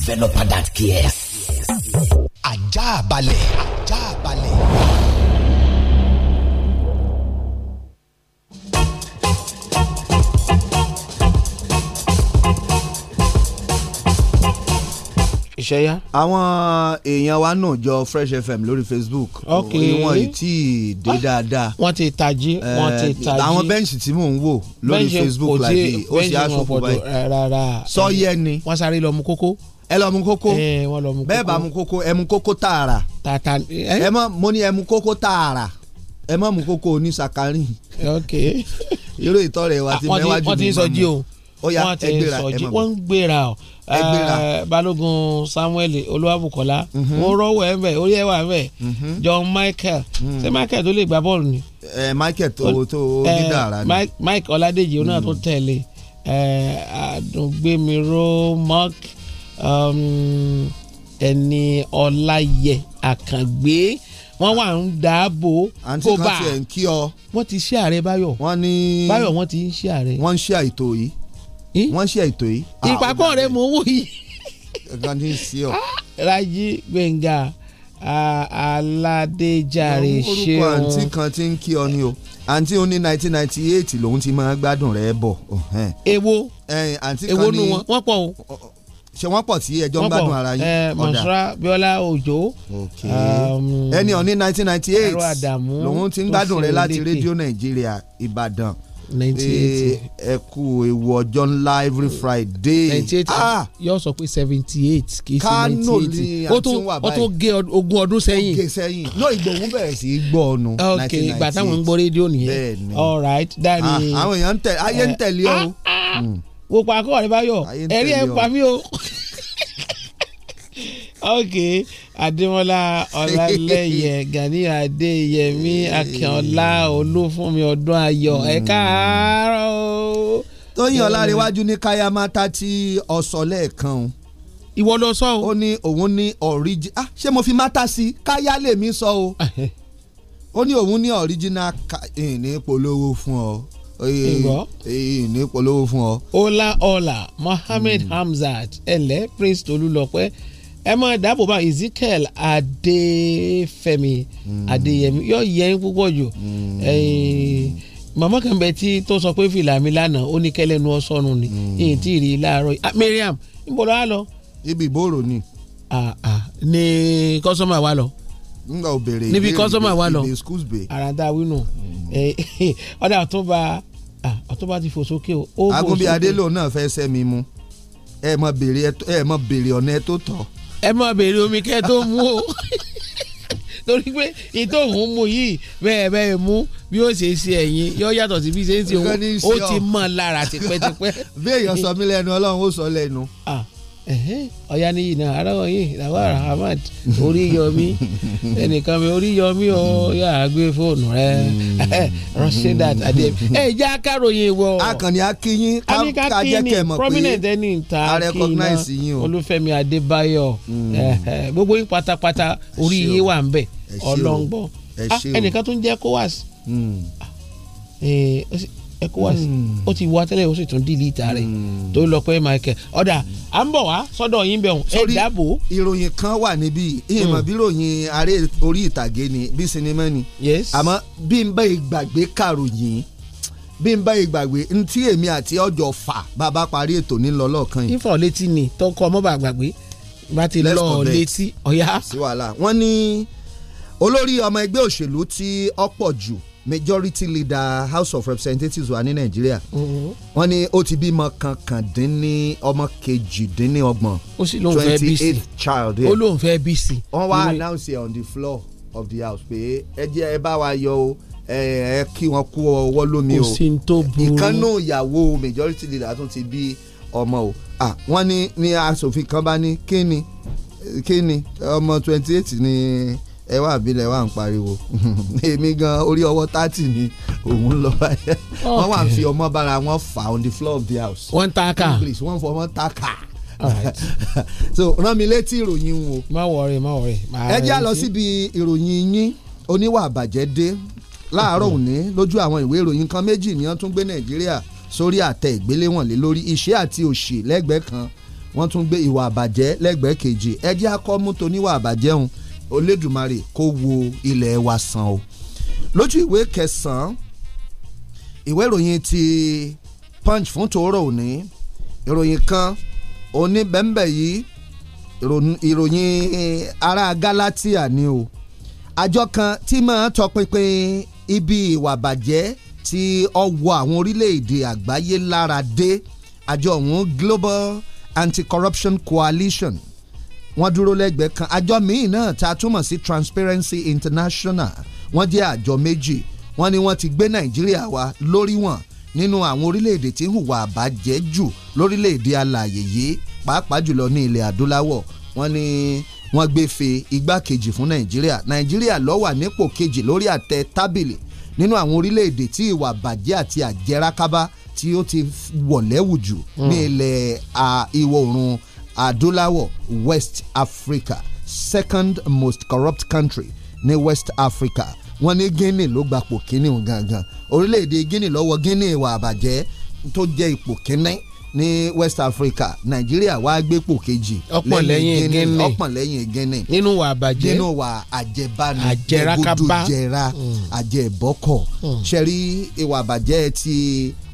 developer that cares. ajá balẹ̀ ajá balẹ̀. iṣẹ́ yá. àwọn èèyàn wa náà jọ Fresh FM lórí Facebook. ok wọn ì tí ì dé ah, dáadáa. wọ́n ti tají wọ́n ti eh, tají. àwọn bẹ́ǹsì tí mò ń wò lórí Facebook láti ó sì aṣọ fún báyìí. sọ yẹ ni. wọ́n sáré lọ mú kókó ẹ lọ mu kókó bẹ́ẹ̀ bá mu kókó ẹ mu kókó tààrà ẹ mọ mo ní ẹ mu kókó tààrà ẹ mọ mu kókó oní sàkárìn irú ìtọ́ rẹ̀ wá ti mẹ́wájú mi mọ́ mi ó ẹ gbéra ẹ mọ̀ wọ́n ń ọ eh, balógun samuel olúwàbùkọ́lá mhm. wọ́n rọ́wọ́ ẹ̀ ń orí ẹ̀ wà ń mhm. john michael mhm. ṣé michael tó lè gbá bọ́ọ̀lù ni. Eh, michael tó tó dídá eh, ara ni. mike ọládèjì onáà tó tẹ̀lé àdùngbèmíró mark. Mm -hmm. Um, ẹni ọláyẹ àkàngbé wọ́n wà ń dáàbò kó bá àǹtí kan tiẹ̀ ń kí ọ. wọ́n ti ṣe ààrẹ báyọ̀. wọ́n ní báyọ̀ wọ́n ti ń ṣe ààrẹ. wọ́n ń ṣe àìtó yìí. wọ́n ń ṣe àìtó yìí. Ah, ìpàkọ́ rẹ̀ mò ń wò yìí. nǹkan ti ń ṣe ọ. Ah, Rájí Gbẹ̀ngà Aládéjàre ṣeun. orúkọ àǹtí kan ti ń kí ọ ni o àǹtí ó ní nineteen ninety eight lòun ti máa gbádùn rẹ̀ bọ̀. èwo èwo nu wọn wọ́n pọ̀ o ṣé wọ́n pọ̀ tí ẹjọ́ ń gbádùn ara yín. ẹ Mọ̀ṣúrà Bíọ́lá Òjó. Um, ẹni ọ̀ní nineteen ninety eight lòun ti ń gbádùn rẹ láti rédíò Nàìjíríà Ìbàdàn ẹ kú ewu ọjọ́ ńlá every Friday. ninety eight ah yóò sọ pé seventy eight kì í ṣe ninety eight ó tún ó tún gé ogún ọdún sẹ́yìn. ó gé sẹ́yìn ló ìgbòhun bẹ̀rẹ̀ sí í gbọ́ ọ̀nù. ok ìgbà táwọn ń gbọ́ rédíò nìyẹn all right dáre. Ah, àwọn èèyàn ń tẹ̀lé ayé ń tẹ̀lé o. Eh, eh. Hmm kò pa akọ́ rẹ báyọ̀ ẹ̀rí ẹ̀ pa mí o. ok adémọ́lá ọlálẹ́yẹ gani adéyẹmí akínọlá olúfúnmi ọdún ayọ̀ ẹ hmm. káàárọ̀ o. tóyìn hmm. ọlárẹwájú ní káyámátá tí ọsọ lẹ́ẹ̀kan o ìwọ lọ sọ o. ó ní òun ní ọ̀ríjì ah ṣé mo fi mátà sí káyá lèmi sọ o. ó ní òun ní ọ̀ríjìnà ní polówó fún ọ ní polówó fún ọ. ọlá ọlá Mohammed mm. Hamzat ẹlẹ Prince Tolúlọpẹ́ ẹ máa dáàbò bá Ezekiel Adéfẹ́mi hmm. Adéyẹmí yóò yẹ yín púpọ̀ jù mama kan bẹ tí tó sọ pé fìlà mi lánàá ó ní kẹlẹ́nu ọ̀sọ́nu ni èyí hmm. tí ì rí i láàárọ̀ ah, Mariam lọ́wọ́ lọ. ibi ìbòrò ni. Ah, ah, ní kọ́sọ́mà wa lọ nígbà ó bèrè níbi kọ́sọ́mà wa lọ àràǹdà wínú mm. eh, eh, ọ̀dà ọ̀túnba ọ̀túnba ti fò sókè o. agunbi adélo náà fẹ́ sẹ́mi mu ẹ mọ bèrè ẹ mọ bèrè ọ̀nà ẹ tó tọ̀. ẹ mọ bèrè omi kẹ́ tó mú o torí pé ìtò òun mú yìí bẹ́ẹ̀ bẹ́ẹ̀ mú bí ó ṣe ṣe ẹ̀yìn yóò yàtọ̀ sí bí ṣe ń ṣe òun ó ti mọ̀ lára tipẹ́tipẹ́. bí èèyàn sọ mí lẹ́nu ọlọ́run ó sọ lẹ́nu ọ̀yanìyí náà aráwọ̀ yìí lawal ahmad oríyọmí ẹnìkan mi oríyọmí ọ yà á gbé fóònù rẹ rọ́ṣídàt adébí ẹ jẹ́ akáròyìn wọ. akànni akínyín kájẹ́kẹ̀ mọ̀ pé prominent ẹni ta kíyìn olúfẹ́mi adébáyọ̀ hmm. gbogbo yín pátápátá orí yìí wà ń bẹ ọlọ́ngbọ́n ah, ẹnìkan tún jẹ́ kó ECOWAS hmm. ó ti wá tẹ́lẹ̀ ó sì tún delete rẹ̀ hmm. tó lọ pé Michael ọ̀dà à ń bọ̀ wá sọ́dọ̀ yín bẹ̀ hùn ẹ̀ dáàbò. ìròyìn kan wà níbí ìyẹ̀mọ̀ hmm. bí ròyìn aré orí ìtàgé ni bí sinimá ni àmọ́ bí n bá ìgbàgbé kàròyìn bí n bá ìgbàgbé ntí èmi àti ọjọ́ fà bàbá parí ètò nílọ lọ́ọ̀kan yìí. ifọ̀ létí ni tọkọ ọmọ bàgbàgbé bá ti lọ létí ọ̀yá. wọ́n ní olórí ọmọ ẹgbẹ́ òṣèlú tí ọ̀pọ̀ jù majority leader house of representatives wa ní nàìjíríà wọ́n ní ó ti bímọ kankandínní ọmọ kejìdínlọ́gbọ̀n twenty eight child ó lóun fẹ́ bí sí. wọ́n wá announce it on the floor of the house pé ẹ jẹ́ ẹ bá wa yọ o ẹ kí wọn kú ọwọ́ lómi o ìkànnù ìyàwó majority leader tún ti bí ọmọ o wọ́n ni ní asòfin kan bá ní kí ni kí ni ọmọ twenty eight ni ẹ wà bílẹ̀ wà ń pariwo èmi gan orí ọwọ́ tátì ni òun lọ báyẹn wọ́n wà ń fi ọmọ bára wọn fà on the floor of the house. wọ́n taka english wọ́n fọ wọ́n taka. so rán mi létí ìròyìn wọn. má wọrí má wọrí. ẹ já lọ síbi ìròyìn yín oníwà àbàjẹ́ dé láàárọ̀ òní lójú àwọn ìwé ìròyìn kan méjì ni wọ́n tún gbé nàìjíríà sórí àtẹ ìgbéléwọ̀n lé lórí ìṣẹ́ àti òṣì lẹ́gbẹ̀ẹ́ kan wọ́n tún gbé ìwà àbàjẹ́ lẹ́gbẹ̀ẹ́ kejì ẹ jẹ́ akọ́mú toníwà àbàjẹ́ òun Olódùmarè kó wo ilẹ̀ wa sàn o lójú ìwé kẹsàn ìwé ìròyìn ti punch fún tòórọ̀ òní ìròyìn kan òní bẹ́ńbẹ́ yìí ìròyìn ará Galatia ni o àjọ kan tí máa tọpinpin ibi ìwà bàjẹ́ tí ọwọ́ àwọn orílẹ̀-èdè àgbáyé lára dé àjọ ọ̀hún Global Anti-Corruption Coalition wọ́n dúró lẹ́gbẹ̀ẹ́ kan àjọ míì náà ta túmọ̀ sí Transparency International wọ́n jẹ́ àjọ méjì wọ́n ní wọ́n ti gbé Nàìjíríà wa lórí wọn nínú àwọn orílẹ̀-èdè tí ń hùwà àbàjẹ́ jù lórílẹ̀-èdè alàyè yìí pàápàá jùlọ ní ilẹ̀ adúláwọ̀ wọ́n ní wọ́n gbé fe igbákejì fún Nàìjíríà Nàìjíríà ló wà nípò kejì lórí àtẹ tábìlì nínú àwọn orílẹ̀-èdè tí ìwà bàjẹ́ àti àjẹrákábá tí ó ti wọ̀lẹ́wù jù hmm. ní ilẹ̀ ìwọ̀ oòrùn adúláwọ̀ West Africa second most corrupt country ní West Africa wọ́n ní Guinea ló gbapò kínní gangan orílẹ̀-èdè Guinea lọ́wọ́ Guinea ìwà àbàjẹ́ tó jẹ́ ipò kínní ní West Africa Nàìjíríà wàá gbépò kejì ọ̀pọ̀ lẹ́yìn Guinea ọ̀pọ̀ lẹ́yìn Guinea nínú wa àbàjẹ́ nínú wa àjẹbánu àjẹrakaba mm. àjẹbọkọ mm. ṣẹ̀rí ìwà àbàjẹ́ ti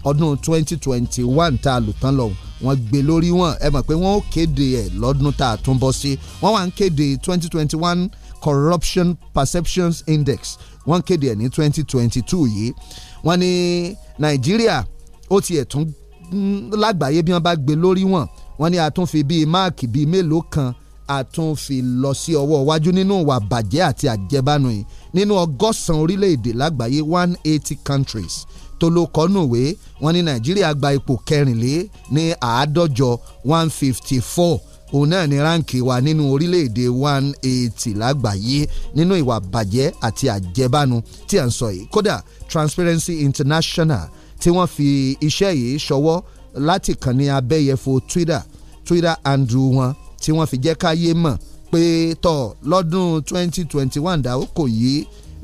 ọdún 2021 tá a lò tán lọ́hùn wọ́n gbé lórí wọn ẹ mọ̀ pé wọ́n ó kéde ẹ̀ lọ́dún tá a tún bọ́ sí wọ́n wá ń kéde 2021 corruption perceptions index wọ́n kéde ẹ̀ ní 2022 yìí wọ́n ní nàìjíríà ó tiẹ̀ tún lágbàáyé bí wọ́n bá gbé lórí wọn wọ́n ní àtúnfi bíi máàkì bíi mélòó kan àtúnfi lọ sí ọwọ́ iwájú nínú ìwà bàjẹ́ àti àjẹbánu yìí nínú ọgọ́sàn orílẹ̀-èdè lágbàáyé 180 countries tó ló kọ́nù ìwé wọn ní nàìjíríà gba ipò kẹrìnlé ní àádọ́jọ one fifty four òun náà ni ráǹkì wa nínú orílẹ̀-èdè one eighty lágbàáyé nínú ìwà bàjẹ́ àti àjẹbánu tí à ń sọ yìí kódà Transparency International tí wọ́n fi iṣẹ́ yìí ṣọwọ́ láti kàn ní abẹ́yẹfò Twitter Twitter andrew wọn tí wọ́n fi jẹ́ káyé mọ̀ pé tọ̀ lọ́dún twenty twenty one dàókò yìí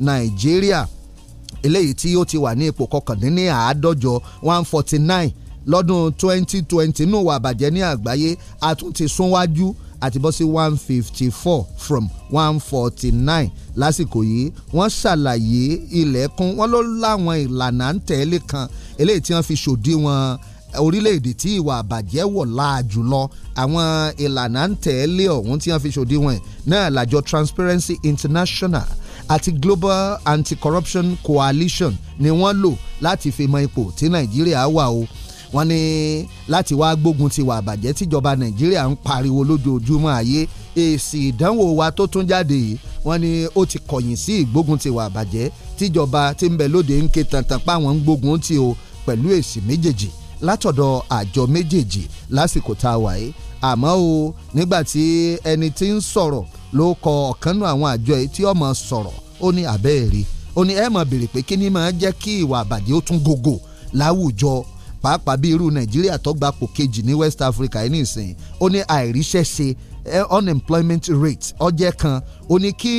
Nàìjíríà eléyìí tí ó ti wà ní ipò kọkàndínníàádọ́jọ one forty nine lọ́dún twenty twenty nù wà bàjẹ́ ní àgbáyé a súnwájú àti bọ́ sí one fifty four from one forty nine lásìkò yìí wọ́n ṣàlàyé ilẹ̀kùn wọ́n ló láwọn ìlànà ń tẹ̀lé kan eléyìí tí wọ́n fi ṣòdiwọ̀n orílẹ̀-èdè tí ìwà àbàjẹ́ wọ̀ láà jùlọ àwọn ìlànà ń tẹ̀lé ọ̀hún tí wọ́n fi ṣòdiwọ̀n náà làjọ Transparency International àti Global Anti-Corruption Coalition ni wọ́n lò láti fi mọ ipò tí Nàìjíríà wà o wọ́n ní láti wá gbógun ti wà bàjẹ́ tíjọba Nàìjíríà ń pariwo lójoojúmọ́ ayé èsì ìdánwò wa tó tún jáde yìí wọ́n ní ó ti kọ̀yìn sí ìgbógun ti wà bàjẹ́ tíjọba ti ń bẹ lóde ń ké páwọn ń gbógun ti o pẹ̀lú èsì méjèèjì látọ̀dọ̀ àjọ méjèèjì lásìkò tá a wà yìí àmọ́ o nígbà tí ẹni tí ń sọ̀rọ̀ ló kọ ọ̀kanú àwọn àjọ yìí tí ọmọ sọ̀rọ̀ ó ní àbẹ́ẹ̀rí ó ní ẹ máa béèrè pé kíní máa jẹ́ kí ìwà àbàjẹ́ ó tún gògò láwùjọ pàápàá bí irú nàìjíríà tó gba pò kejì ní west africa yìí nìsín ó ní àìríṣẹ́ ṣe unemployment rate ọjẹ́ kan ó ní kí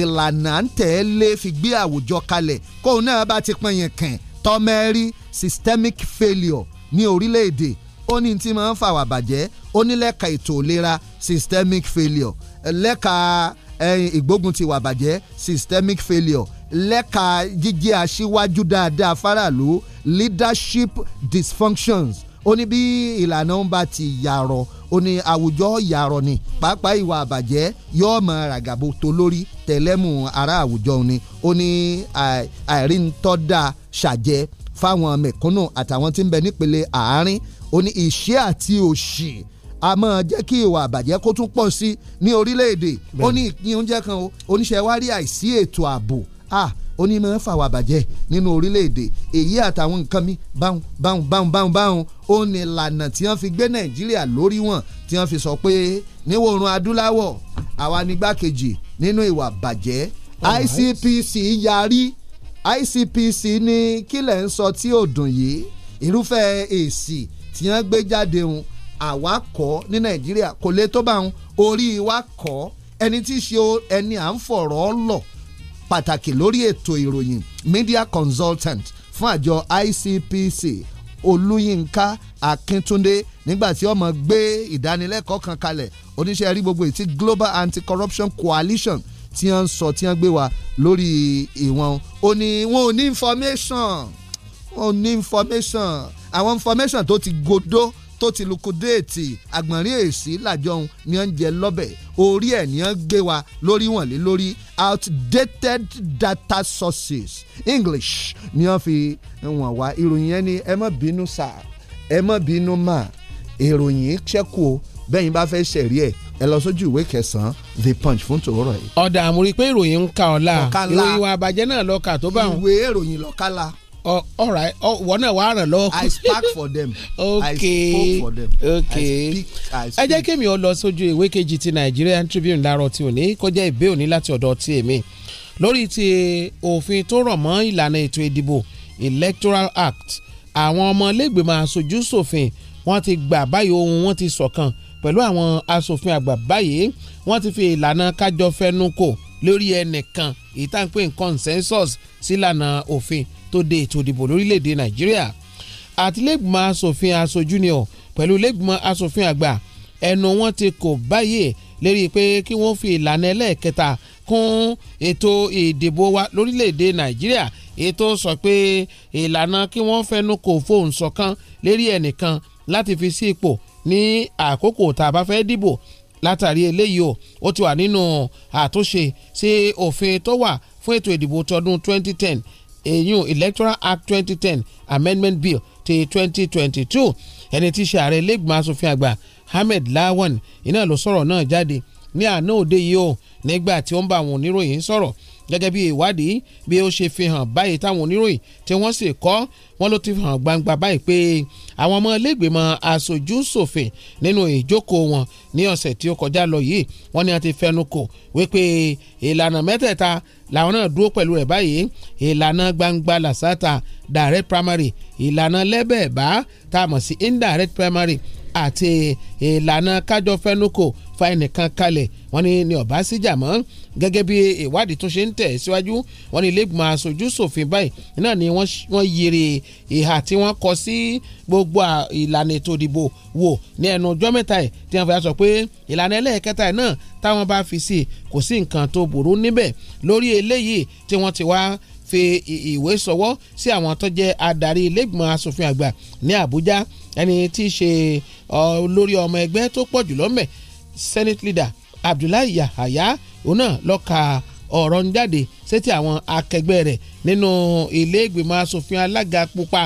ìlànà à ń tẹ̀lé fi gbé àwùjọ kalẹ̀ kóun náà bá ti pọn yẹn kàn tọ́mẹ́rí systemic failure ní orílẹ̀-èdè ó ní tí máa ń fà wà bàjẹ́ ó ní lẹ́ka ètò ìlera systemic failure lẹ́ka ìgbógun ti wà bàjẹ́ systemic failure lẹ́ka jíjẹ́ aṣíwájú dáadáa faraàlú leadership dysfunctions ó ní bí ìlànà ń bá ti yàrọ̀ ó ní àwùjọ yàrọ̀ ni pàápàá ìwà àbàjẹ́ yóò mọ ràgàbò tó lórí tẹ̀lẹ́mù ará àwùjọ ni ó ní àìríntọ́dà ṣàjẹ́ fáwọn mẹ̀kúnnù àtàwọn tí ń bẹ nípele àárín ó ní ìṣẹ́ àti òṣì a máa jẹ́ kí ìwà àbàjẹ́ kó tún pọ̀ sí ní orílẹ̀-èdè ó ní ìpín oúnjẹ kan o oníṣẹ́ wá rí àìsí ètò ààbò ah onímọ̀ fàwọ̀ àbàjẹ́ nínú orílẹ̀-èdè èyí àtàwọn nǹkan mi báwọn báwọn báwọn báwọn báwọn ó ní ìlànà tí wọ́n fi gbé Nàìjíríà lórí wọn tí wọ́n fi sọ pé níwọ̀ oòrùn adúláwọ̀ àwa nígbàkejì nínú ìwà àbàjẹ́ ICPC yarí ICPC ní kílẹ̀ ń sọ tí ò dùn yìí irúfẹ́ èsì tí wọ́n gbé jáde hùn àwa kọ́ ní nàìjíríà kò lè tó bá wọn orí wa kọ́ ẹni tí í ṣe ẹni à ń fọ̀rọ̀ lọ̀ pàtàkì lórí ètò ìròyìn media consultant fún àjọ ICPC olúyínká akíntúndé nígbà tí ọmọ gbé ìdánilẹ́kọ̀ọ́ kan kalẹ̀ oníṣẹ́ rí gbogbo ètí global anti-corruption coalition tí wọ́n ń sọ tí wọ́n gbé wa lórí ìwọ̀n o ní wọn ò ní information wọn ò ní information àwọn information tó ti godó tó ti lukudeeti àgbọ̀nrín èsì làjọun ni ó ń jẹ lọ́bẹ̀ orí ẹ̀ ni ó ń gbé wa lórí wọ̀n lé lórí outdated data sources English ni wọ́n fi wọ̀n wá ìròyìn yẹn ni ẹ má bínú sà ẹ má bínú mà ìròyìn ṣẹ́kù o bẹ́yìn bá fẹ́ ṣẹ̀rí ẹ̀ ẹ lọ sójú ìwé kẹsàn-án the punch fún tòórọ̀ yìí. ọ̀dà àmúrí pé ìròyìn ń ka ọ̀la ìròyìn wa àbàjẹ́ náà lọ́ka tó bá wọn. ìwé ìròyìn lọ́ka Oh, all right oh, wọn náà wàá ràn lọ. I spark for them. okay I spoke for them. okay I speak I speak. ẹ jẹ́ kí mi ò lọ sójú ìwé kejì ti Nigerian Tribune láàárọ̀ tí ò ní kó jẹ́ ìbé òní láti ọ̀dọ̀ tí èmi lórí ti òfin tó rọ̀ mọ́ ìlànà ètò ìdìbò Electoral Act àwọn ọmọlẹ́gbẹ̀mọ aṣojú ṣòfin wọ́n ti gbà báyìí ohun wọ́n ti ṣọ̀kan pẹ̀lú àwọn aṣòfin àgbà báyìí wọ́n ti fi ìlànà kájọ fẹnukò lórí ẹnìkan ìtànpé consensus sílànà òfin tó de ètò ìdìbò lórílẹ̀‐èdè nàìjíríà àtìlẹ́gbọ̀n asòfin aṣojú ni ọ̀ pẹ̀lú lẹ́gbọ̀n asòfin àgbà ẹnu wọn ti kò báyè lérí pé kí wọ́n fi ìlànà ẹlẹ́ẹ̀kẹta kún ètò ìdìbò wa lórílẹ̀‐èdè nàìjíríà ètò sọ pé ìlànà kí wọ́n fẹnu kò fohùn ṣọ̀kan lérí ẹnìkan láti fi sí ipò ní àkókò tá a bá fẹ́ dìbò látàrí eléyìí o ó ti wà nínú àtúnṣe sí òfin tó wà fún ètò ìdìbò tọdún 2010 A new electoral act twenty ten amendment bill ti twenty twenty two ẹni tí í ṣe ààrẹ ilégbìmọ̀ asòfin àgbà Ahmed Lawan iná ló sọ̀rọ̀ náà jáde ní àná òde yìí o nígbà tí ó ń bá àwọn oníròyìn sọ̀rọ̀ gẹ́gẹ́ bí ìwádìí bí ó ṣe fi hàn báyìí táwọn oníròyìn tí wọ́n sì kọ wọ́n ló ti hàn gbangba báyìí pé àwọn ọmọ ilégbèmọ̀ aṣojú ṣòfin nínú ìjókòó wọn ní ọ̀sẹ̀ tí ó kọjá lọ yìí wọ́n ní a ti fẹnu kò wípé ìlànà mẹ́tẹ̀ẹ̀ta làwọn náà dúró pẹ̀lú rẹ̀ báyìí ìlànà gbangba làṣàtà direct primary ìlànà lẹ́bẹ̀ẹ́bá tá a mọ̀ sí indirect primary àti ìlànà kájọ fẹnukò fa ẹnìkan kalẹ̀ wọ́n ní ní ọ̀bá síjà mọ́ gẹ́gẹ́ bí ìwádìí tún ṣe ń tẹ̀ síwájú wọ́n ní ilégbèmọ̀ aṣojú ṣòfin báyìí náà ni wọ́n yèrè ìhà tí wọ́n kọ sí gbogbo ìlànà ètò ìdìbò wò ní ẹnu ọjọ́ mẹ́ta ẹ̀ tí wọ́n fi sọ pé ìlànà ẹlẹ́ẹ̀kẹta ẹ̀ náà táwọn bá fi sí kò sí nǹkan tó burú níbẹ̀ lórí eléyìí tí wọ́n ti wá fi ìwé sọwọ́ sí àwọn tó jẹ́ adarí ilégbèmọ̀ aṣòfin àgbà ní Àbújá ẹni tí í ṣe olórí ọmọ ẹgbẹ́ tó pọ̀ jù lọ́mẹ̀ senate leader abdullahi yahaya òun náà lọ́ka ọ̀rọ̀ ń jáde sétí àwọn akẹgbẹ́ rẹ̀ nínú ilé ìgbìmọ̀ asòfin alága pupa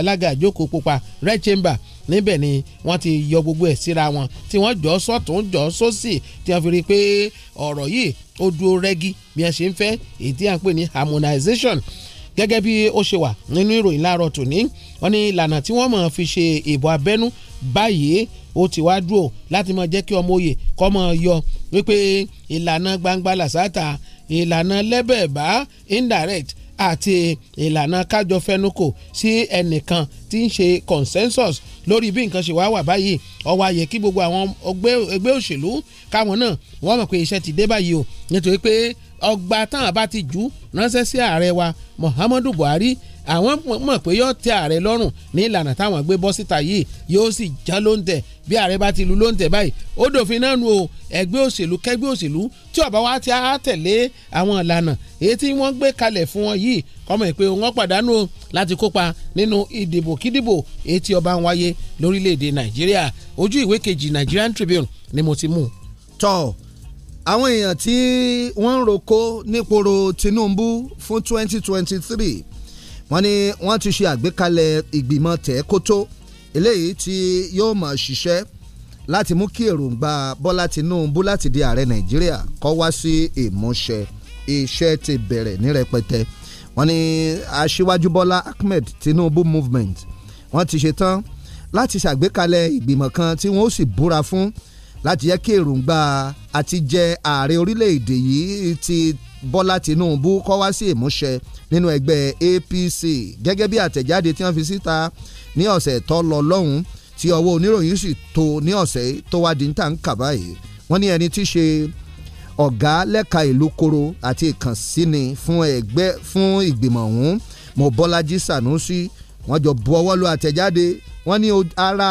alága ìjókòó pupa red chamber níbẹ̀ ni wọ́n ti yọ gbogbo ẹ̀ síra wọn tí wọ́n jọ sọ́tún jọ sósì tí wọ́n fi rí i pé ọ̀rọ̀ yìí ó dúró rẹ́gí bí wọ́n ṣe ń fẹ́ èyí tí à ń pè ní harmonization gẹ́gẹ́ bí ó ṣe wà nínú ìròyìn láàárọ̀ tòní wọ́n ní ìlànà tí wọ́n mọ̀ fi ṣe ìbò abẹ́nú báyìí ó ti wá dúró láti mọ̀ jẹ́ kí ọmọ òye kọ́ mọ̀ yọ wípé ìlànà gbangba làṣàtà ìlànà lẹ́bẹ̀ẹ́bá indirect àti ìlànà kájọ fẹnukò sí ẹnìkan tí ń ṣe consensus lórí bí nǹkan ṣe wá wà báyìí ó wá yẹ kí gbogbo àwọn ẹgbẹ́ òṣèlú káwọn náà wọ́n mọ̀ pé iṣẹ́ ti dé báyìí o nítorí pé ọgbà táwọn bá ti jù ránṣẹ́ sí ààrẹ wa Muhammadu Buhari àwọn mọ̀ pé yóò tẹ ààrẹ lọ́rùn ní ìlànà táwọn gbé bọ́ síta yìí yóò sì já ló ń tẹ̀ bí ààrẹ bá ti lu ló ń tẹ̀ báyìí ó dòfin náà nu o ẹgbẹ́ òṣèlú kẹgbẹ́ òṣèlú tí ọ̀bá wa ti á tẹ̀lé àwọn ìlànà èyí tí wọ́n gbé kalẹ̀ fún wọn yìí kọ́mọ ìpè wọn pàdánù o láti kópa nínú ìdìbò kídìbò èyí tí ọba ń wáyé lórílẹ̀‐èdè nàìjíríà ojú ìwé kejì Nigerian Tribune ni mo ti mú. tọ́ àwọn èèyàn tí wọ́n ń roko níporo Tinubu fún 2023 wọ́n ní wọ́n ti ṣe àgbékalẹ̀ ìgbìmọ̀ tẹ̀ẹ́kótó eléyìí tí yóò máa ṣiṣẹ́ láti mú kí èròǹgbà Bọ́lá Tinubu láti di ààrẹ Nàìjíríà kó wá sí ìmúṣẹ iṣẹ́ ti bẹ̀rẹ̀ ní rẹpẹtẹ wọ́n ní aṣíwájú Bọ́lá Ahmed Tinubu movement wọ́n ti ṣe tán láti ṣàgbékalẹ̀ ìgbìmọ̀ kan tí wọ́n ó sì búra fún láti jẹ́ kí èròǹgbà àti jẹ ààrẹ orílẹ̀-èdè yìí ti Bọ́lá Tinubu kọ́ wá sí ìmúṣẹ nínú ẹgbẹ́ APC gẹ́gẹ́ bí àtẹ̀jáde tí wọ́n fi síta ní ọ̀sẹ̀ tó lọ lọ́hùn tí ọwọ́ oníròyìn sì tó ní ọ̀sẹ̀ tó wá di ń tà ń kà báyìí wọ́n ní ẹni tí í ṣe ọ̀gá lẹ́ka ìlú koro àti ìkànsíni fún ẹgbẹ́ fún ìgbìmọ̀ ọ̀hún Mọ́bọ́lájí Sànúsí wọ́n jọ bu ọwọ́ lu àtẹ̀jáde wọ́n ní ara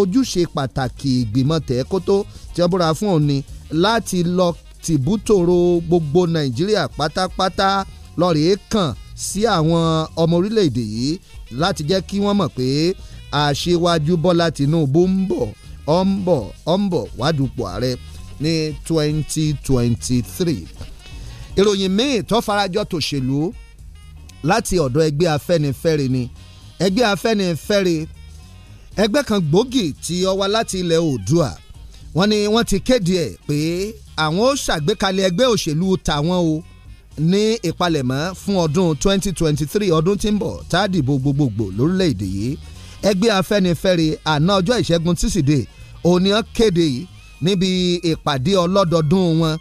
ojúṣe pàtàkì ìgbìmọ̀ tẹ̀ẹ́kótó tí wọ́n búra fún òun ni láti lọ tìbútòrò gbogbo nàìjíríà pátápátá lọ́ọ̀rẹ́ kàn sí àwọn ọmọ orílẹ̀-èdè yìí láti jẹ́ kí wọ́n mọ̀ pé àṣewájú bọ́lá tìǹbù ń bọ̀ ọ̀ ń bọ̀ ọ̀ ń bọ̀ wádùúpọ̀ ààrẹ ní twenty twenty three ìròyìn míì tó farajọ tòṣèlú láti ọ̀dọ̀ ẹgbẹ́ afẹ́nifẹ́re ni ẹgbẹ́ afẹ́nifẹ́re ẹgbẹ́ kan gbòógì tí ó wá láti ilẹ̀ oòdùà wọ́n ní wọ́n ti kéde ẹ̀ pé àwọn ó ṣàgbékalẹ̀ ẹgbẹ́ òṣèlú tàwọn o ní ìpalẹ̀mọ́ fún ọdún 2023 ọdún tí ń bọ̀ tá a dìbò gbogbogbò lórílẹ̀‐èdè yìí ẹgbẹ́ afẹ́nifẹ́re àná ọjọ́ ìṣẹ́gun tísídẹ̀ẹ́ òní wọn kéde yìí níbi ìpàdé ọlọ́dọọdún wọn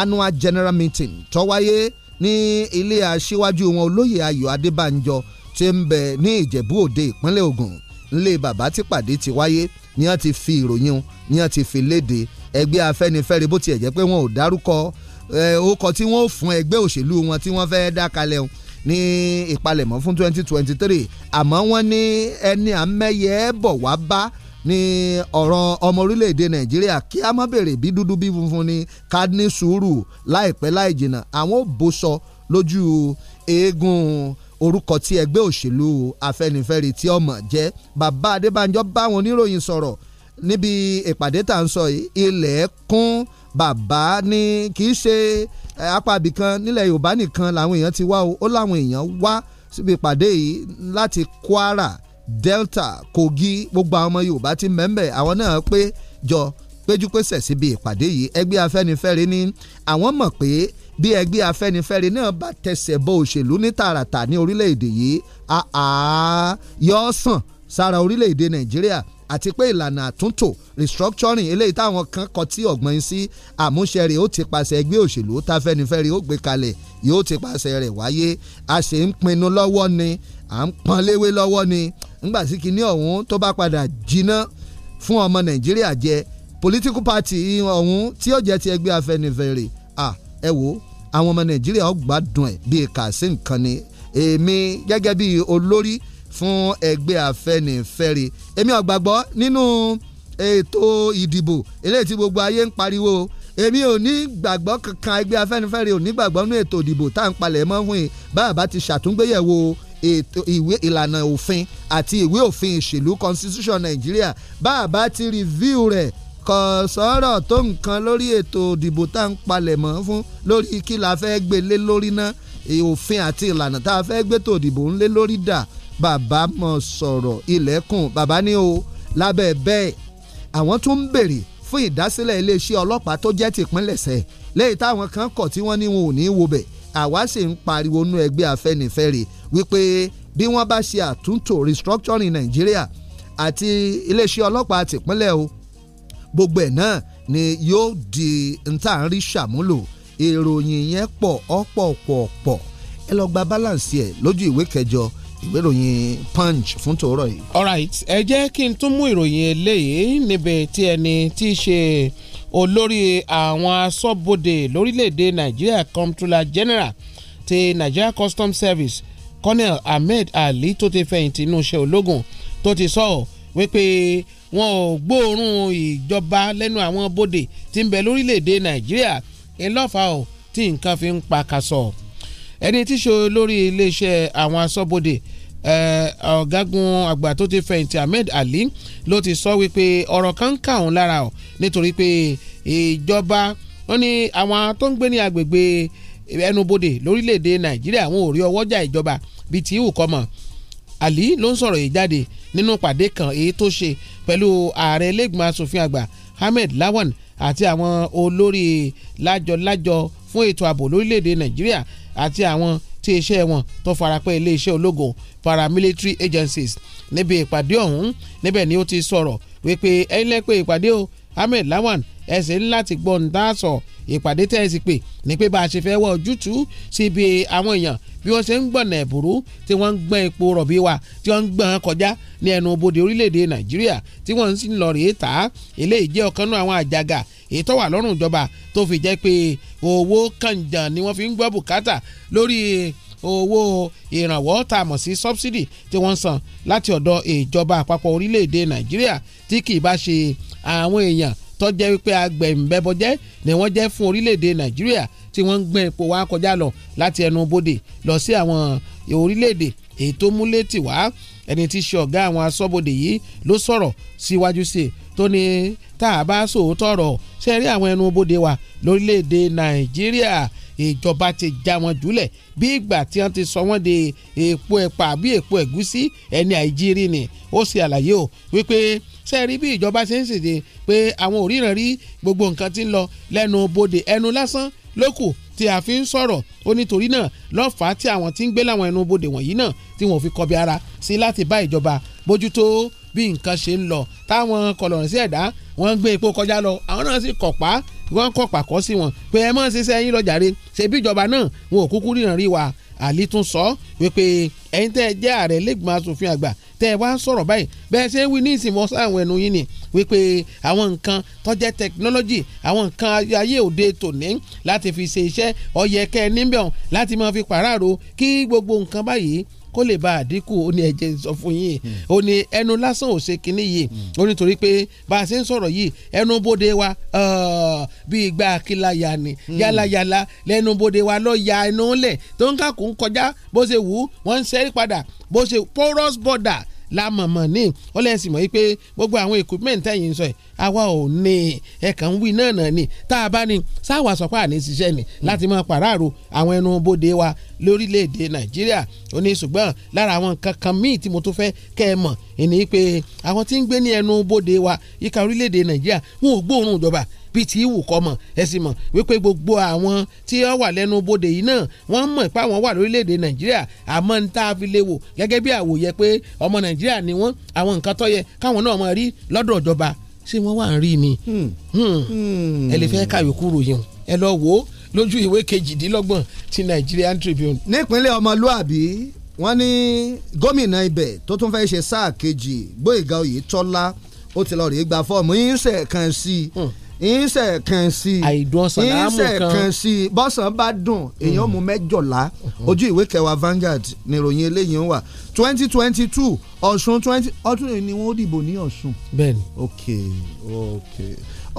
annual general meeting tó wáyé ní ilé aṣíwájú wọn olóyè ayọ̀ adébánjọ tí ń bẹ ní ìjẹ̀bú òde ìpínlẹ̀ ògùn ńlẹ̀ bàbá tí pàdé ti wáyé ni wọ́n ti fi ìròyìn ni wọ́n ti fi léde ẹgbẹ́ afẹ́nifẹ́re bó tiẹ̀ jẹ́ pé wọn ò dárúkọ orúkọ tí wọ́n ò fún ẹgbẹ́ òṣèlú wọn tí wọ́n fẹ́ẹ́ dá kalẹ̀ ní ìpalẹ̀mọ́ fún 2023 àmọ́ wọ́n ní ẹni àmẹ́yẹ bọ̀ wá bá ní ọ̀rọ̀ ọmọ orílẹ̀-èdè nàìjíríà kí a má bèrè bí dúdú bí funfun ni ká sùúrù láìpẹ́ láì àwọn ò bó sọ lójú eégún orúkọ tí ẹgbẹ́ òṣèlú afẹ́nifẹ́re tí ọmọ jẹ́ bàbá adébánjọ báwọn oníròyìn sọ̀rọ̀ níbi ìpàdé tá à ń sọ yìí ilẹ̀ kún bàbá ní kì í ṣe apábì kan nílẹ̀ yorùbá nìkan làwọn èèyàn ti wá o ó láwọn èèyàn wá síbi ìpàdé yìí láti kwara delta kogi gbogbo àwọn ọmọ yorùbá ti mẹ́mẹ́ àwọn náà pé jọ péjúpésẹ̀ síbi ìpàdé yìí ẹgbẹ́ afẹ́nifẹ́re ní àwọn mọ̀ pé bí ẹgbẹ́ afẹ́nifẹ́re náà bá tẹsẹ̀ bọ òṣèlú ní tààràtà ní orílẹ̀-èdè yìí àá yọ sàn sára orílẹ̀-èdè nàìjíríà àti pé ìlànà àtúntò restructuring eléyìí táwọn kan kọ tí ọ̀gbọ́n sí àmúṣe rẹ̀ ó ti pàṣẹ ẹgbẹ́ òṣèlú táfẹ́nifẹ́re ó gbé kalẹ̀ yóò ti pàṣẹ rẹ̀ wáyé a sì ń pinnu lọ́wọ́ ni à ń pọn léwé lọ́wọ́ ni ńgbà sí kinní ọ̀hún tó bá padà jiná fún ọmọ nàìjíríà jẹ political party ọ̀hún tí ó jẹ́ ti ẹgbẹ́ afẹnifẹre ah ẹ wo àwọn ọmọ nàìjíríà ó gbádùn ẹ̀ bíi kàṣí nǹkan ni èmi gẹ́gẹ́ bíi olórí fún ẹgbẹ́ afẹnifẹre èmi ò gbàgbọ́ nínú ètò ìdìbò eléyìí tí gbogbo ayé ń pariwo èmi ò ní gbàgbọ́ kankan ẹgbẹ́ afẹnifẹre ò ní gbàgbọ́ nínú ètò ìdìbò tá à ń palẹ̀ mọ́ hùn bá a bá ti ṣàtúngbéyẹ̀wò ètò ìwé ìlànà òfin àti ìwé òfin ìṣèlú constitution nàìjíríà bá a bá ti review rẹ̀ kò sọ̀rọ̀ tó nǹkan lórí ètò ìdìbò tá à ń palẹ̀ mọ́ fún lórí kí la fẹ́ gbé lé lórí ná òfin àti ìlànà tá a fẹ́ gbé tó ìdìbò ń lé lórí dà bàbá mọ̀ sọ̀rọ̀ ilẹ̀kùn bàbá ní o lábẹ́ bẹ́ẹ̀ àwọn tún ń bèrè fún ìdásílẹ̀ iléeṣẹ́ ọlọ́pàá tó jẹ́ tìpínlẹ̀ṣẹ̀ lẹ́yìn táwọn kan kọ̀ tí wọ́n ní wọn ò ní wo bẹ̀ àwa sì ń pariwo nú ẹgbẹ́ afẹ́nifẹ́re wípé bí wọ́n bá ṣe àtúntò restructuring nàìjíríà àti iléeṣẹ́ ọlọ́pàá tìpínlẹ̀ o gbogbo ẹ̀ náà ni yóò di ntàrí ṣàmúlò ìròyìn yẹn pọ̀ ọ̀pọ̀pọ̀pọ̀ ẹ lọ gba balance ẹ lójú ìwé kẹjọ ìwé ìròyìn punch fún tòórọ yìí. alright ẹ jẹ́ kí n tún mú ìròyìn eléyìí níbi tí ẹni tí í ṣe olórí àwọn aṣọ́bodè lórílẹ̀‐èdè nàìjíríà comptroller general ti nigeria customs service colonel ahmed ali tó ti fẹ̀yìntì inú iṣẹ́ ológun tó ti sọ̀rọ̀ wípé wọn ò gbóòórùn ìjọba lẹ́nu àwọn bóde tí ń bẹ lórílẹ̀‐èdè nàìjíríà ńlọ́fà ò tí nǹkan fi ń pa kaṣọ. ẹni tí so lórí iléeṣẹ́ àwọn aṣọ́bodè ọ̀gágun àgbà tó ti fẹ̀yìntì Ahmed Ali ló ti sọ wípé ọ̀rọ̀ kan ń kà òun lára ọ̀ nítorí pé ìjọba wọn ni àwọn tó ń gbé ní agbègbè ẹnubodè lórílẹ̀‐èdè nàìjíríà wọn ò rí ọwọ́jà ìjọba bíi ti ìwù kọ́mọ̀ Ali ló ń sọ̀rọ̀ yìí jáde nínú pàdé kan èyí tó ṣe pẹ̀lú ààrẹ ẹlẹ́gbìmọ̀ asòfin àgbà Ahmed Lawan àti àwọn olórí lájọlájọ fún ètò ààbò lórílẹ̀‐èdè Nàìjíríà àti àwọn tí iṣẹ́ wọn tó farapẹ́ iléeṣẹ́ ológun paramilitary agencies níbi ìpàdé ọ̀hún níbẹ̀ ni ó ti sọ̀rọ̀ wípé ẹ̀yin lẹ́pẹ́ ìpàdé o Ahmed Lawan ẹsẹ̀ ńlá ti gbọ́ ń dá sọ ìpàdé tẹ́ ẹ sì pè ní pé bá a ṣe fẹ́ wọ ojútùú síbi àwọn èèyàn bí wọ́n ṣe ń gbọ̀nà ẹ̀bùrú tí wọ́n ń gbọ́n epo rọ̀bì wa tí wọ́n ń gbọ́n kọjá ní ẹnu bodè orílẹ̀-èdè Nàìjíríà tí wọ́n sì ń lọ rèé tà á eléyìí jẹ́ ọ̀kan nú àwọn àjàgà ètò wà lọ́rùn ìjọba tó fi jẹ́ pé owó kànjàn ni wọ́n fi ń gbọ́ bùkátà lórí owó ìrànwọ́ tá a mọ̀ sí subsidy tí wọ́n san láti ọ̀dọ̀ ìjọba àpapọ̀ orílẹ̀-èdè Nàìjíríà tí kì í bá ṣe àwọn èèyàn tó jẹ́ wípé agbẹ̀m̀bẹ̀bọ̀jẹ́ ni wọ́n jẹ́ fún orílẹ̀-èdè nàìjíríà tí wọ́n ń gbẹ́ epo wa kọjá lọ láti ẹnu bodè lọ sí àwọn orílẹ̀-èdè èyí tó múlẹ̀ tì wá ẹni tí í ṣe ọ̀gá àwọn aṣọ́bodè yìí ló sọ̀rọ̀ síwájú sí i tó ní tá a bá sòótọ́ ọ̀rọ̀ ṣe rí àwọn ẹnu bodè wa lórílẹ̀‐èdè nàìjíríà ìjọba ti já wọn jùlẹ̀ bí ìgbà tí wọ́n ti sọ wọ́n de èpo ẹ̀pà àbí èpo ẹ̀gúsí ẹni àìjírí ni ó ṣe àlàyé o wípé ṣe rí bí ìjọba ṣe ń ṣèdè pé àwọn òríran rí gbogbo nǹkan tí ń lọ lẹ́nu bodè ẹnu lásán lókù tí a fi ń sọ̀rọ̀ ó nítorí náà lọ́fàá tí àwọn tí ń gbé láwọn ẹnu bodè wọ̀nyí náà tí wọ́n fi kọbi ara sí láti bá ìjọba bójútó bí nǹkan ṣe ń lọ táwọn kọlọ̀rìn sí ẹ̀dá wọ́n ń gbé epo kọjá lọ àwọn náà sì kọ̀pá wọ́n kọ̀pá kọ́ sí wọn pé ẹ mọ̀ ṣiṣẹ́ yín lọ jàre ṣebí ìjọba náà wọn ò kúkú ríran rí wa àlí tún sọ wípé ẹ̀yin tẹ́ ẹ jẹ́ ààrẹ lẹ́gbọ̀n asòfin àgbà tẹ́ ẹ wá ń sọ̀rọ̀ báyìí bẹ́ẹ̀ ṣe ń wí ní ìsìn mọ́ sáwọn ẹnu yín ni wípé àwọn nǹkan tó jẹ́ tẹkinọ́lọ́jì àwọn nǹkan ayé òde tòní láti fi ṣe iṣẹ́ ó yẹ kẹ́ ẹ níbẹ̀ láti máa fi pàráàrò kí gbogbo nǹkan báyìí kó lè bá àdínkù ó ní ẹ̀jẹ̀ sọ fún yín ó ní ẹnu lásán ò ṣe kinní yìí hmm. ó nítorí pé bá a ṣe ń sọ̀rọ̀ yìí ẹnu bóde wa bí ìgbà kíláyà ni hmm. yálayàlá lẹ́nu bóde wa lọ́ọ́ ya ẹnu lẹ̀ tó ń kàkùn kọjá bó ṣe wù ú wọ́n ń ṣẹ́rí padà bó ṣe porous border la mọ̀mọ́ ní ó lẹ́sìn mọ́ yìí pé gbogbo àwọn equipment tẹ̀yìn sọ yìí àwa ò ní ẹ̀kan ń wí náà náà ni tá a bá ní sáwà sọ pé àní ṣiṣẹ́ ni láti máa pàráàrò àwọn ẹnu bodè wa lórílẹ̀‐èdè nàìjíríà ó ní ṣùgbọ́n lára àwọn kankan míì tí mo tún fẹ́ kẹ́ ẹ mọ̀ ìní pé àwọn tí ń gbé ní ẹnu bodè wa yíká orílẹ̀‐èdè nàìjíríà wọn ò gbóòórùn ìjọba bíi ti ìwù kọ́ mọ̀ ẹ sì mọ̀ wípé gbogbo àwọn tí wọ́n wà lẹ́nu bodè yìí náà wọ́n mọ̀ pé àwọn wà lórílẹ̀‐èdè nàìjíríà àmọ́ ń tá a fi lè gẹ́gẹ́ bí àwòyẹ pé ọmọ nàìjíríà ni wọ́n àwọn nǹkan tó yẹ káwọn náà mọ̀ rí lọ́dọ̀ ìjọba ṣé wọ́n wà ń rí ni hmm. Hmm. Hmm. ẹ lè fẹ́ kàwé kúrò yẹn ẹ lọ wò ó lójú ìwé kejìdínlọ́gbọ̀n ti Nigerian Tribune. nípínlẹ̀ ọmọlúàbí wọ́n ní gómìnà ibẹ̀ tó tún fẹ́ ṣe sáà kejì Gbóyèga Oyètọ́lá ó ti lọ rèé gba fọ́ọ̀mù yín sẹ̀ kan sí i ìṣe kan sí i àìdùnsàn láàmú kan ìṣe kan sí i bọ́sàn bá dùn èèyàn mú mẹ́jọ̀lá mm-hmm. ojú ìwé kẹwàá Vanguard ni ìròyìn eléyìí ń wà twenty twenty two ọ̀ṣun twenty ọdún yìí ni wọ́n dìbò ní ọ̀ṣun. bẹ́ẹ̀ni. ok ok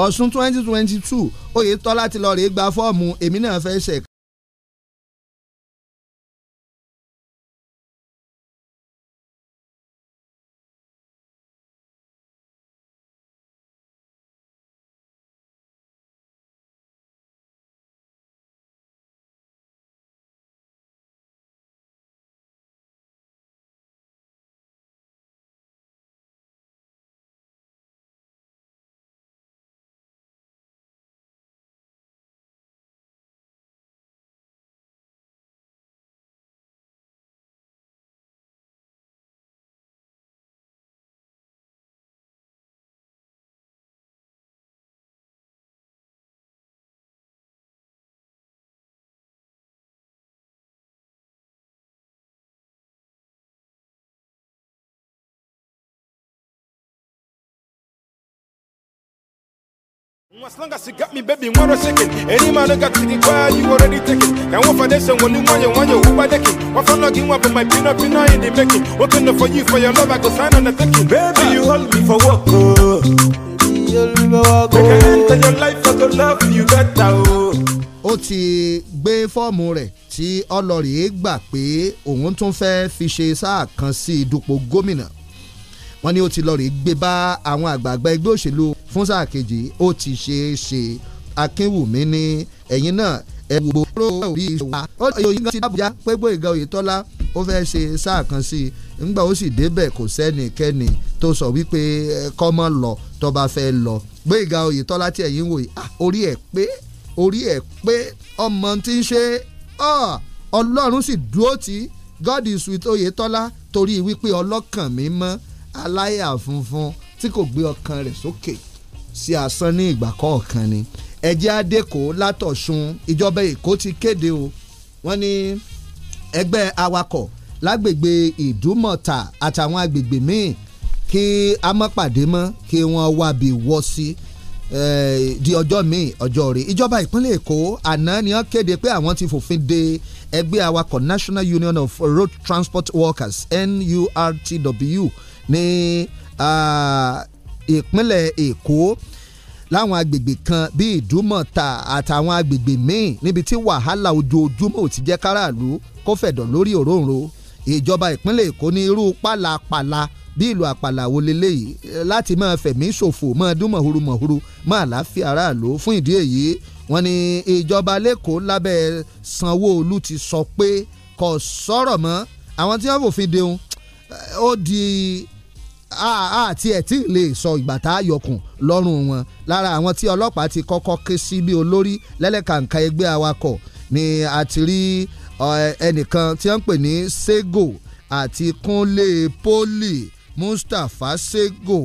ọ̀ṣun twenty twenty two Oyètọ́lá ti lọ rèé gba fọ́ọ̀mù èmi náà fẹ́ ṣe As long as you got me, baby, one a second. Any man who got to the you already taken. Now what for this and when you want you want you What for logging up with my pina pina in the making? Working for you for your love, I go sign on the taking. Baby, you hold me for work, oh. Baby, you hold oh. your life, I go love you better, oh. ó ti gbé fọ́ọ̀mù rẹ̀ tí ọlọ́rìí gbà pé òun tún fẹ́ẹ́ fi ṣe sáà kan sí i dupò gómìnà wọ́n ní ó ti lọ rè gbé bá àwọn àgbààgbà ẹgbẹ́ òṣèlú fún sáà kejì ó ti ṣe é ṣe akínwùmí ní ẹ̀yìn náà ẹ̀wù gbòòrò orí ìṣòwò ó lọ yòóyìn kan ti dábòjá pé Gbóyèga Oyètọ́lá ó fẹ́ ṣe sáà kan sí i ńgbà ó sì débẹ̀ kò sẹ́nikẹ́ni tó sọ wípé kọ́mọ lọ tó bá fẹ́ lọ Gbóyèga Oyètọ́lá tí ẹ̀yìn wòye ah, orí ẹ̀ pé orí ẹ̀ pé ọmọ tí ń ṣe Ọlọ́run sì dúró tí God is with Oyètọ́lá torí wípé ọlọ́kàn mi mọ́ aláyà funfun tí kò gbé ọkàn rẹ̀ sókè sí asán ní ìgbà kọ̀ọ̀kan ni ẹ̀jẹ̀ adéko látọ̀sùn ìjọba èkó ti kéde o wọ́n ní ẹgbẹ́ awakọ̀ lágbègbè ìdúmọ̀tà àtàwọn agbègbè míì kí a má pàdé mọ́ kí wọ́n wábi wọ́ sí eh, di ọjọ́ míì ọjọ́ rẹ̀ ìjọba ìpínlẹ̀ èkó àná ni wọ́n kéde pé àwọn ti fòfin de ẹgbẹ́ awakọ̀ National Union of Road Transport Workers NURTW ní ìpínlẹ̀ Èkó láwọn agbègbè kan bíi Ìdúmọ̀tà àtàwọn agbègbè míì níbi tí wàhálà ojoojúmọ́ ò ti jẹ́ káràlú kó fẹ̀dọ̀ lórí òróǹro ìjọba ìpínlẹ̀ Èkó ní irú pàlàpàlà bí ìlú àpàlà wo leléyìí láti máa fẹ̀mí ṣòfò máa dún mọ̀húrú mọ̀húrú máa láàfin aráàlú fún ìdí èyí wọ́n ní ìjọba lẹ́kọ̀ọ́ lábẹ́ Sanwó-Olú ti sọ pé kò sọ̀rọ̀ mọ́ àwọn tí wọ́n fòfin deun ó di àti ẹ̀ tí ì lè sọ ìgbà tá a yọkùn lọ́rùn wọn lára àwọn tí ọlọ́pàá ti kọ́kọ́ ké sí bí olórí lẹ́lẹ́kàǹkà ẹgbẹ́ awakọ̀ ni a rí ẹnìkan tí wọ́n ń pè ní Sego àti Kúnlé Poli Mustapha Sego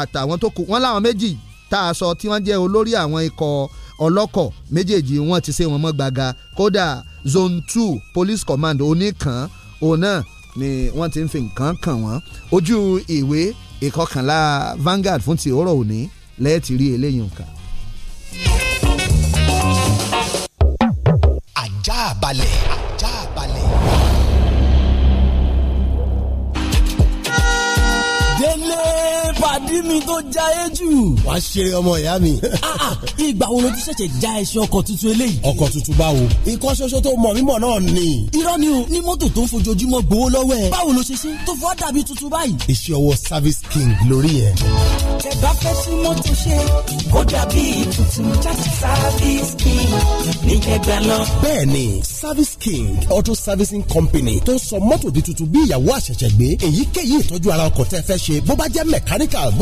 àtàwọn tó kù wọ́n láwọn méjì tá a sọ tí wọ́n jẹ́ olórí àwọn ikọ̀ ọlọ́kọ̀ méjèèjì wọ́n ti ṣe wọn mọ́ gbaga kódà zone two police command oníkan òun náà ni wọ́n ti ń fi nǹkan kàn wọ́n ojú ìwé ìkọkànlá Vanguard fún ti òórọ̀ òní lẹ́ẹ̀tì rí eléyìí nǹkan. ajá balẹ̀. ìdí mi tó já e jù. wàá ṣeré ọmọ ìyá mi. Ah, ah, ìgbà wo ló ti ṣẹ̀ṣẹ̀ já ẹṣin ọkọ̀ tuntun eléyìí. ọkọ̀ tuntun báwo. nǹkan ṣoṣo tó mọ̀ mímọ̀ náà ni. irọ́ ni o ní mọ́tò tó ń fojoojúmọ́ gbowó lọ́wọ́ ẹ̀. báwo ló ṣe ṣe tó fọ́ dàbí tuntun báyìí. iṣẹ́ ọwọ́ service king lórí yẹn. tẹ fẹ́ sí mọ́tò ṣe kó dàbí tuntun service king auto servicing company tó ń sọ mọ́tò di tuntun bí ìyàwó àṣẹ̀ṣẹ̀ gbé èyíkéyìí ìtọ́jú ara ọkọ̀ tẹ́ fẹ́ ṣe bó bá jẹ́ mechanical b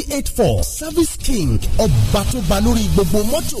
three eight four service king ọba tó ba lórí gbogbo mọ́tò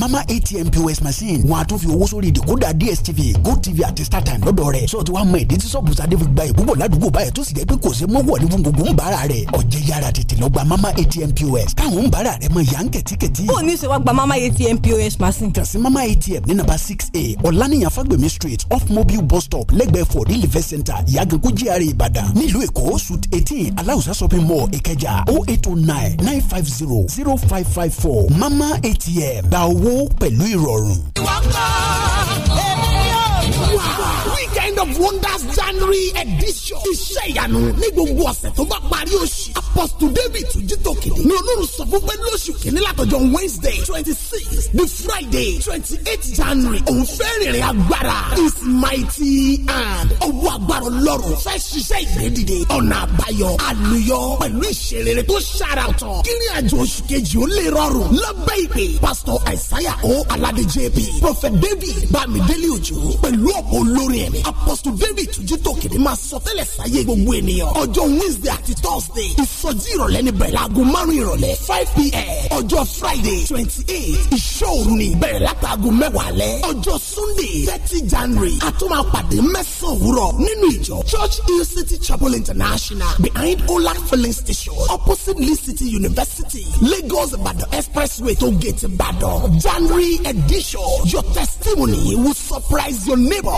mama atm pos machine wọn a tún fi owó sórí ìdìkúdà dstv gotv àti startime lọ́dọ̀ rẹ̀ sọ ti wá mọ ìdí tí sọ́ọ̀bù sadé fi gba ìbúbọ̀ ládùúgbò báyìí tó sì jẹ́ pé kò sí mọ́wọ́ ní gbogbo ń bára rẹ̀ ọ̀jẹ̀ yára tètè lọ gba mama atm pos táwọn ń bára rẹ̀ mọ yàn kẹ̀tíkẹ̀tí. ó ní sèwá gba mama atm pos machine. kàn sí mama atm ní nàbà six a ọ̀lànìyàn fagbemi street off mobile bus stop lẹ́gbẹ̀ẹ́ for the live center ìyàgànkú GRA ìbàdàn nílùú èkó suit eighteen aláùsá shopping mall ìkẹjà o oh eight o oh nine nine five zero zero five five four mama atm gba owó owó pẹ̀lú ìrọ̀rùn. Wow! Weekend of Wonders January edition. Iṣẹ́ ìyanu ní gbogbo ọ̀sẹ̀ tó bá parí oṣù. Apostle David Tujito Kìnìún ní Ọlọ́run sọ fún pé lóṣù kìíní látọjọ́ Wednesday twenty six the Friday twenty eight January. Òun fẹ́ rìnrìn agbára. His mighty hand. Ọwọ́ agbára Ọlọ́run fẹ́ ṣiṣẹ́ ìgbẹ́dìde. Ọ̀nà àbáyọ àlùyọ pẹ̀lú ìṣerere tó ṣàrà ọ̀tọ̀. Kírin àjò oṣù kejì ó lè rọrùn. Lábẹ́ ìpè Pastor Isaiah O. Alade JP. Prophet David Bamidele Ojo pẹ̀lú ọ̀pọ̀ olórin ẹ̀mí apostle david tujito kìnní máa sọ tẹ́lẹ̀ sáyé gbogbo ènìyàn ọjọ́ wednesday àti thursday ìsọjí ìrọ̀lẹ́ ní bẹ̀rẹ̀ aago márùn ìrọ̀lẹ́ five pm ọjọ́ friday twenty eight ìṣòro ní bẹ̀rẹ̀ látàgò mẹ́wàá lẹ́ ọjọ́ sunday thirty january àtúmọ̀ àpàdé mẹ́sàn-án òwúrọ̀ nínú ìjọ church hill city chapel international behind olak filling station opposite lee city university lagos ibadan expressway tó gate ibadan january edition your testimony will surprise your neighbor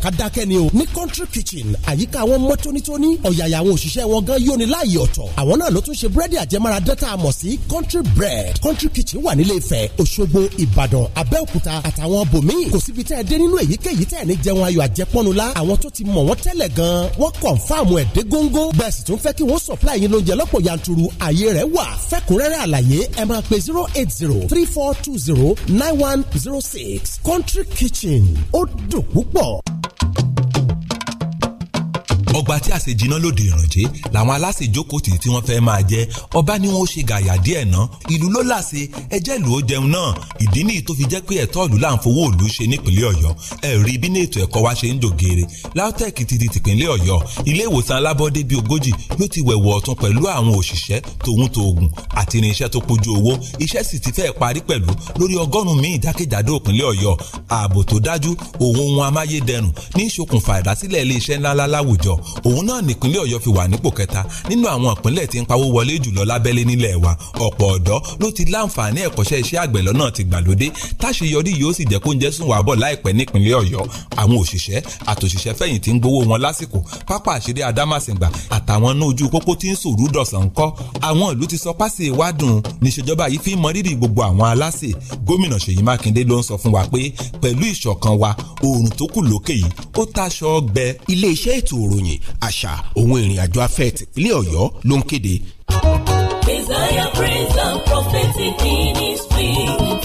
ká dákẹ́ ni o ní country kitchen àyíká wọn mọ́ tónítóní ọ̀yàyà àwọn òṣìṣẹ́ wọn gan yóni láàyè ọ̀tọ̀ àwọn náà ló tún ṣe búrẹ́dì àjẹmára dẹ́ta àmọ̀ sí country bread country kitchen wà nílé Ifẹ̀ Òṣogbo Ìbàdàn Abẹ́òkúta àtàwọn bòmíì kò síbi tẹ́ ẹ dé nínú èyíkéyìí tẹ́ ẹ ní jẹun ayọ̀ àjẹpọ́nu la àwọn tó ti mọ̀ wọ́n tẹ́lẹ̀ gan wọ́n kọ̀ǹfàmù ẹ̀ dé góńgó yanturu ààyè rẹ̀ wà fẹ́kúnrẹ́rẹ́ àlàyé ẹ country kitchen ó ọgbà tí àṣejìná lòdì ìrànjẹ làwọn aláṣejókòó tì tí wọ́n fẹ́ máa jẹ ọba ni wọ́n ṣe gàyà díẹ̀ ná ìlú ló láṣẹ ẹjẹ́ ìlú ó jẹun náà ìdí nìyí tó fi jẹ́ pé ẹ̀tọ́ ìlú là ń fowó ṣe nípínlẹ̀ ọ̀yọ́ ẹ̀rí bí ní ètò ẹ̀kọ́ wa ṣe ń dògèrè LAUTECH ti di tìpínlẹ̀ ọ̀yọ́ ilé ìwòsàn alábọ́dé bíi ogójì ló ti wẹ̀wù ọ̀tún pẹ̀lú àwọn òṣìṣẹ́ tòun tòògùn àti irinṣẹ́ tó kojú owó iṣẹ́ sì ti fẹ́ parí pẹ̀lú lórí ọgọ́rùn-ún míì jákèjádò ìpínlẹ̀ ọ̀yọ́ ààbò tó dájú òun òun náà nípínlẹ̀ ọ̀yọ́ fi wà nípò kẹta nínú àwọn ìpínlẹ̀ tí ń pawó wọlé jùlọ lábẹ́lé nílẹ̀ wa ọ̀pọ̀ ọ̀dọ́ ló ti láǹfààní ẹ̀kọ́ṣẹ́ iṣẹ́ àgbẹ̀ lọ́nà ti gbàlódé táṣeyọrí yóò sì jẹ́ kó ń jẹ́ sùn wàbọ̀ láìpẹ́ nípínlẹ̀ ọ̀yọ́ àwọn òṣìṣẹ́ àtòṣìṣẹ́ fẹ̀yìntì ń gbowó wọn lásìkò pápá àṣírí adámàsìngbà àtàwọn inú ojú pópó tí ń sòrú dọ̀sán kọ́ àwọn ìlú ti sọ pásì ìwádùn níṣèjọba yìí fi ń mọrírì gbogbo àwọn aláṣẹ gómìnà ìròyìn àṣà òun ìrìn àjò afẹ́ tìpínlẹ̀ Ọ̀yọ́ ló ń kéde. Desire praise and prophetic ministry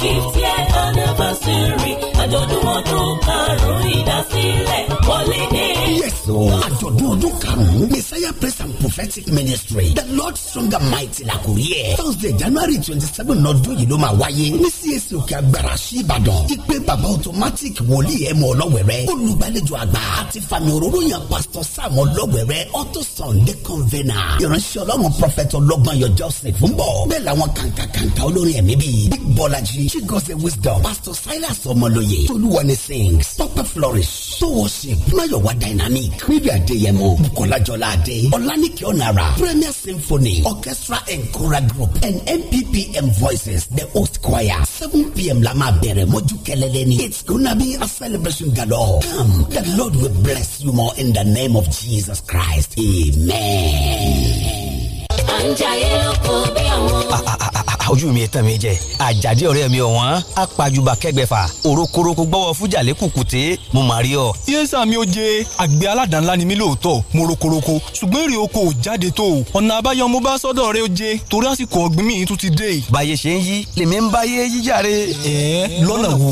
fiftieth anniversary àjọ̀dún ọdún karùn-ún sílẹ̀ wọlé dé. yes o àjọ̀dún ọdún messiah praise and prophetic ministry the lord stronger mighty la kò rí thursday january twenty seven ọdún yìí ló máa wáyé ní csc òkè agbára sí ìbàdàn ìpè bàbá automatic wòlíì ẹ̀mú ọlọ́wẹ̀rẹ́ olùgbàlejò àgbà àti fàmì òróró yàn pastor sam ọlọ́wẹ̀rẹ́ auto sunday convener ìránṣẹ́ ọlọ́run prophet ọlọ́gbọ́n yọ joseph ń bọ̀ bẹ́ẹ̀ làwọn kàǹkàǹkà olórin ẹ̀mí bíi big bọ́lájí chigozie wisdom pastor silas ọmọlóye tolúwani sings papa flourish so ṣe Fúnáyọ̀wá dynamic Péjú Adéyẹmọ Bukola Jọlá Adé Ọlánìkẹ́ Ọ̀nàrà Premier Symphony Orchestra and Choral Group and MPPM Voices the host choir seven pm la máa bẹ̀rẹ̀ mọ́jú kẹlẹ́lẹ́ ni it's gonna be a celebration galore come the Lord will bless you more in the name of Jesus Christ amen. à ń jayé lóko bí àwọn. Ah, ah, ah, ojú mi tán mi jẹ àjàdí ọ̀rẹ́ mi ọ̀wọ́n apàjùbà kẹgbẹ̀fà òrokoroko gbọ́wọ́ kùkùté mo mà rí ọ. yéésà mi ò àgbẹ̀ aládàá-ńlá ni mí lóòótọ́ mo rokoroko ṣùgbọ́n èrè oko ò jáde tó o ọ̀nà àbáyọ mo bá sọ́dọ̀ rẹ ó torí àsìkò ọ̀gbìn mi tún ti dé. báyé ṣe ń yí lèmi ń báyé yíjàre. ẹ lọ́nà wo.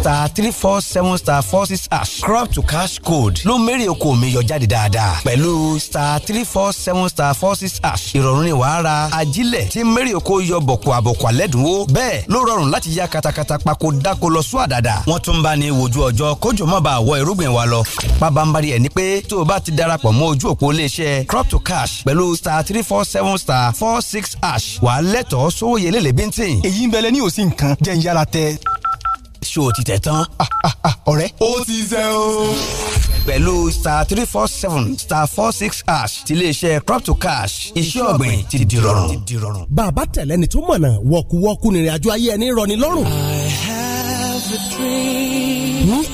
star three four seven star four six hash crop to cash code ló mẹ́rẹ̀ oko mi yọ jáde dáadáa pẹ̀lú star three four seven star four six hash ìrọ̀rùn rọrùn ni wàá ra ajílẹ̀ tí mary oko yọ bọ̀kù àbọ̀kù àlẹ́dùnwó bẹ́ẹ̀ ló rọrùn láti ya katakata pako dáko lọ sún àdàdà wọ́n tún bá ní wojú ọjọ́ kójú mọ́ bá àwọ̀ irúgbìn wa lọ pabambari ẹ̀ ni pé tó o bá ti darapọ̀ mọ́ ojú òpó iléeṣẹ́ crop to cash pẹ̀lú star three four seven star four six ash wàá lẹ́tọ̀ọ́ sówó yẹlẹ́ lẹ́bíntìn. èyí ń bẹ̀lẹ̀ ní òsì nǹkan jẹ́ ń yára tẹ. ṣé o ti tẹ̀ tán? Ah, ah, ah, ọ̀rẹ́ ó ti tẹ o pẹ̀lú star three four seven star four six hash ti iléeṣẹ́ crop to cash iṣẹ́ ọ̀gbìn ti di rọrùn. bàbá tẹ̀lẹ́ni tó mọ̀nà wọ̀kúwọ́kú nìrìnàjò ayé ẹni rọ̀ ní lọ́rùn. I have a dream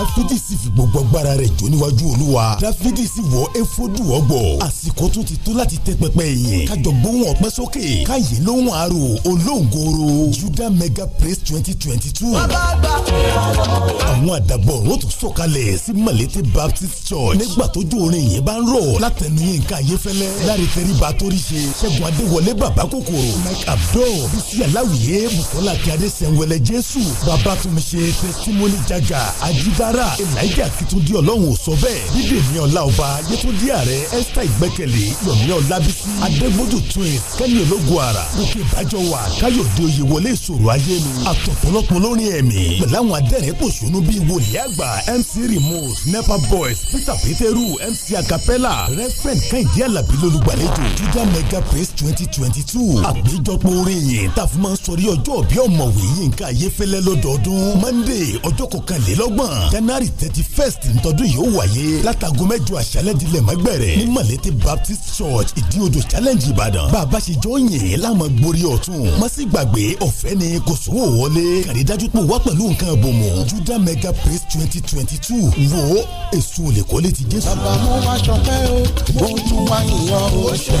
dáfídì sì fi gbogbo agbára rẹ̀ jó níwájú olúwa dáfídì wọ efodu ọgbọ̀ àsìkò tó ti tó láti tẹ́ pẹpẹ yìí kájọ gbóhùn ọpẹ́ sókè káyé lóhùn àrò olóńgòrò juda mega praise twenty twenty two. àwọn àdàbọ̀ ọ̀run tó sọ̀kalẹ̀ sí malete baptist church nígbà tó jó orin yẹn bá ń rọ̀ látẹnu yín ká yé fẹ́lẹ́ láre tẹ́rí ba torí ṣe ṣẹ́gun adéwọlé bàbá kòkòrò mike abdul bisi aláwìyé mùsọ́lá kí adé sẹ́wẹ́lẹ́ jésù babatunmi ṣe testimony jaja ajídá rárá elijah ti tún di ọlọ́run ò sọ bẹ́ẹ̀ bídèmí ọlá ọba yẹtúndí ààrẹ esther ìgbẹ́kẹ̀lé yọ̀mí ọlábísí adégbójú twins kẹ́ni ológun ara òkè ìbàjọ́ wa káyọ̀dé oyè wọlé ìṣòro ayé mi àtọ̀pọ̀lọpọ̀ lórin ẹ̀mí pẹ̀láwọn adẹ́rìn pòṣónú bíi wòlíì àgbà mc remote nepa boys peter peteru mc acapella reverend kẹ́hìndé alábí lólùgbàlejò judah mega praise twenty twenty two àgbéjọpọ̀ orin yìí tàfimọ̀ sọrí ọjọ́ ọ̀bí ọ̀mọ̀wé yínká ayéfẹ́lẹ́ lọ́dọọdún monday ọjọ́ kọkànlélọ́gbọ̀n january thirty first ntọ́dún yìí ó wáyé látago mẹ́jọ àṣálẹ́ dilẹ̀ mẹ́gbẹ̀rẹ̀ ní malete baptist church ìdíodò challenge ìbàdàn bàbá ṣe jọ ń yìn láàmú gborí ọ̀tún má sì gbàgbé ọ̀fẹ́ ni kò sówó wọlé kàrí dájú pé wá pẹ̀lú nǹkan àbòmọ̀ juda mega praise twenty twenty two wo èso olè kọ́lé ti jésù. bàbá mo wá ṣọpẹ́ o mo tún wá ìyàn o ṣe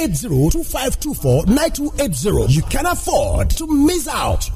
08025249280. You can afford to miss out.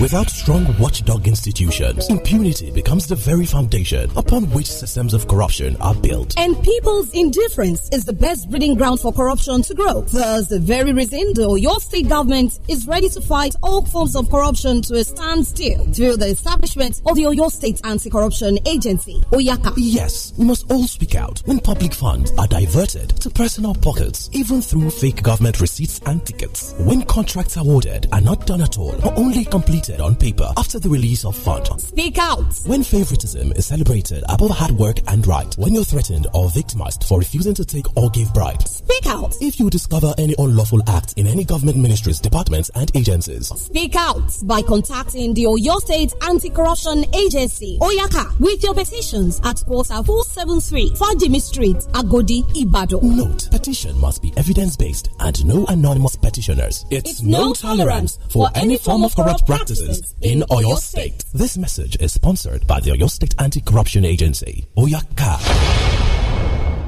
Without strong watchdog institutions, impunity becomes the very foundation upon which systems of corruption are built. And people's indifference is the best breeding ground for corruption to grow. Thus, the very reason the Oyo state government is ready to fight all forms of corruption to a standstill through the establishment of the Oyo State Anti-Corruption Agency, Oyaka. Yes, we must all speak out when public funds are diverted to personal pockets even through fake government receipts and tickets. When contracts awarded are not done at all or only completed on paper after the release of fund. Speak out! When favoritism is celebrated above hard work and right, when you're threatened or victimized for refusing to take or give bribes. Speak out! If you discover any unlawful act in any government ministries, departments, and agencies. Speak out by contacting the Oyo State Anti-Corruption Agency, Oyaka, with your petitions at quarter 473 Fajimi Street, Agodi, Ibadan. Note, petition must be evidence based and no anonymous petitioners. It's, it's no tolerance for any form of corrupt practices in Oyo State. This message is sponsored by the Oyo State Anti Corruption Agency, Oyaka.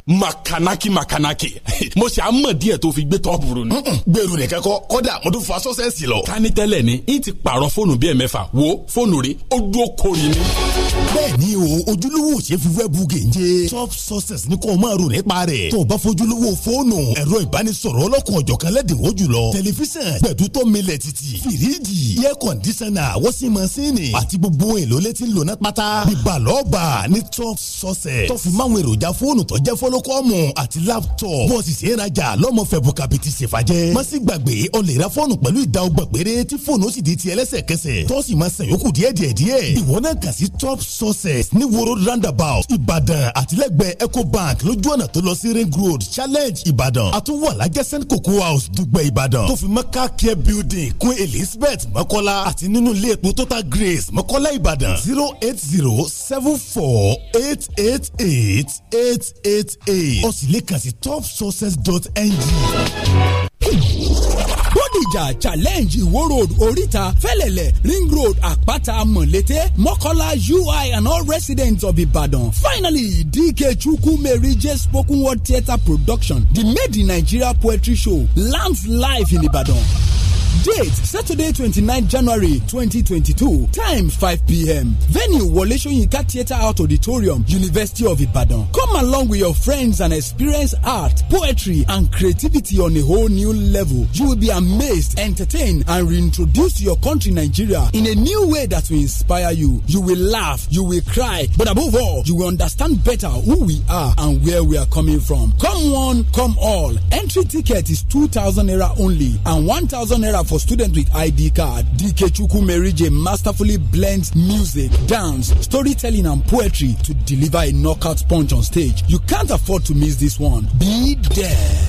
makanaki makanaki mo ṣe àmọ̀ díẹ̀ tó fi gbé tọ́pù rò ni. gbèrú nìkan kọ kọ́dà mo tún fa sọ́sẹ̀sì lọ. ká ní tẹ́lẹ̀ ni n ti pààrọ̀ fóònù bíi ẹ̀mẹ́fà wo fóònù rí ó dúró kori ni. bẹ́ẹ̀ni o ojúlówó ṣe fi wẹ́ẹ̀bù gèje top success ní kò máa rò nípa rẹ̀ tó o bá fojúlówó fóònù ẹ̀rọ ìbánisọ̀rọ̀ ọlọ́kùn ọ̀jọ̀kan lẹ́dínwó jùlọ tẹlifíṣàn gbẹ̀dútọ́ kọ́lọ́kọ́mù àti laptop bọ́ọ̀sì sì ń rajà lọ́mọ fẹ̀bù kàbìtì ṣèfàjẹ́ má sì gbàgbé ọ lè ra fọ́ọ̀nù pẹ̀lú ìdá ọgbà péré tí fóònù ó sì di ti ẹlẹ́sẹ̀kẹsẹ̀ tó sì máa ṣàn yòókù díẹ̀ díẹ̀ díẹ̀ ìwọ náà kà sí top sources ní woro roundabout ìbàdàn àtìlẹ́gbẹ̀ẹ́ ecobank lójú ọ̀nà tó lọ sí ring road challenge ìbàdàn àtúwọ̀ alájẹ́ st cocoa house dùgbẹ̀ ìbàdàn tó fi mọ́ car care building kún elizabeth mọ́kọ́lá àti nínú ilé epo total grace mọ́kọ́lá ìbàdàn zero eight zero seven four eight eight eight eight eight ó sì lè kàn sí topsources.ng bódìjà challenge ìwó road oríta fẹlẹlẹ ring road àpáta mọ̀lété mọ́kọ́lá ui and all residents of ibadan finally dk chukwu mary j spoken word theatre production the made in nigeria poetry show lands live in ibadan. Date Saturday 29 January 2022. Time 5 p.m. Venue Wole Soyinka Theatre Art Auditorium, University of Ibadan. Come along with your friends and experience art, poetry, and creativity on a whole new level. You will be amazed, entertained, and reintroduced to your country, Nigeria, in a new way that will inspire you. You will laugh, you will cry, but above all, you will understand better who we are and where we are coming from. Come one, come all. Entry ticket is 2,000 naira only and 1,000 naira for students with ID card. DK Chuku Merije masterfully blends music, dance, storytelling, and poetry to deliver a knockout punch on stage. You can't afford to miss this one. Be there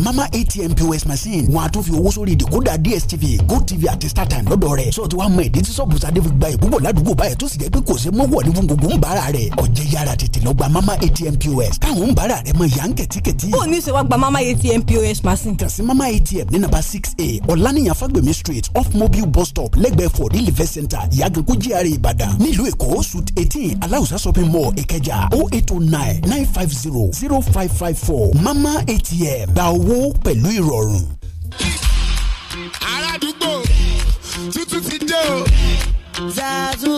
mama atm pos machine wọn a tún fi owó sórí ìdìkúdà dstv gotv àti startime lọ́dọ̀ rẹ̀ sọ ti wá mọ ìdí tí sọ́ọ̀bù sadé fi gba ìbúbọ̀ ládùúgbò báyìí tó sì jẹ́ pé kò ṣe mọ́wọ́ ní gbogbo ń bára rẹ̀ ọ̀jẹ̀ yára tètè lọ gba mama atm pos táwọn ń bára rẹ̀ mọ ìyá ń kẹ̀tíkẹ̀tí. ó ní ṣe wá gba mama atm pos machine. kàn sí mama atm ní nàbà six a ọ̀lànìyàn fagbemi street off mobile bus stop lẹ́gbẹ̀ẹ́ for the live center ìyàgànkú gr ìbàdàn nílùú èkó suit eighteen aláùsá shopping mall ìkẹjà o oh eight o oh nine nine five zero zero five five four mama atm gba owó owó pẹ̀lú ìrọ̀rùn. arádùúgbò tuntun ti dé o. zazu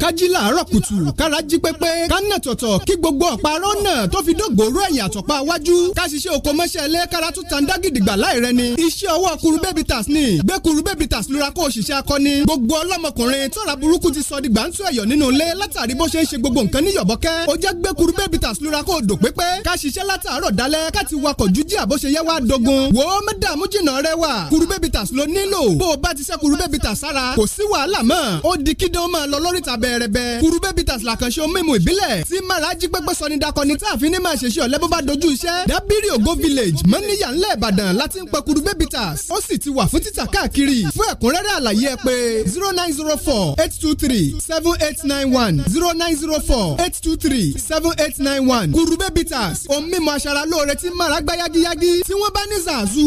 kájí làárọ̀ kùtù kára jí pépé kánà tọ̀tọ̀ kí gbogbo ọ̀pá rọ́nà tó fi dógòóró ẹ̀yìn àtọ̀pá wájú ká ṣiṣẹ́ oko mọ́ṣẹ́ ilé kára tún tan dágìdìgbà láìrẹ́ ni iṣẹ́ ọwọ́ kuru baby tas ni gbé kuru baby tas lura kó òṣìṣẹ́ akọni gbogbo ọlọ́mọkùnrin tọ́ra burúkú ti sọ dìgbà ń tún ẹ̀yọ̀ nínú ilé látàrí bó ṣe ń ṣe gbogbo nǹkan níyọ̀bọ̀kẹ́ ó jẹ́ gbé kuru baby tas lura kó òdò pépé ká ṣiṣẹ́ látàárọ̀ dalẹ́ ká ti wakọ̀ jújì àbó ṣe yẹ wá dogun wò ó mẹ́dàmú jìnnà rẹ wà kuru baby tas ló nílò bó o bá ti ṣe kuru baby tas sára kò sí wàhálà mọ́ ó di kídán máa lọ lórí tàb rẹ́bẹ́rẹ́bẹ́. kurube bitters làkànṣe ohun mímu ìbílẹ̀ tí mara jí pẹ́pẹ́ sọni dakọni tí àfin ní máa ṣèṣe ọ̀lẹ́ bó bá dojú iṣẹ́. dabiri ogo village mọ́níyà ńlẹ̀ ìbàdàn láti ń pẹ kurube bitters ó sì ti wà fún títà káàkiri fún ẹ̀kúnrẹ́rẹ́ àlàyé ẹ pé zero nine zero four eight two three seven eight nine one zero nine zero four eight two three seven eight nine one kurube bitters ohun mímu aṣaralóore tí mara gbá yagiyagi tí wọ́n bá ní zazu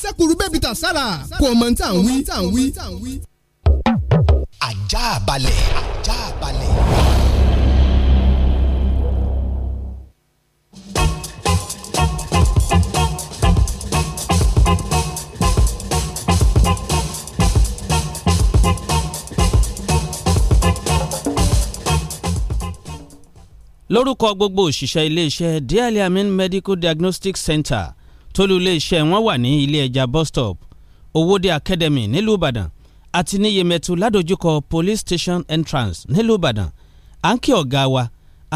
sẹ́kurube bitters sára kò mọ̀ ní tàn wí ajá balẹ̀ ajá balẹ̀. lórúkọ gbogbo òṣìṣẹ́ iléeṣẹ́ Diali Amin Medical Diagnostic Center tólú iléeṣẹ́ wọn wà ní ilé ẹja bus stop Owódé Academy nílùú Ìbàdàn àti ní Yemẹtu ládojúkọ police station entrance nílùú Ìbàdàn à ń kí ọ̀gá wa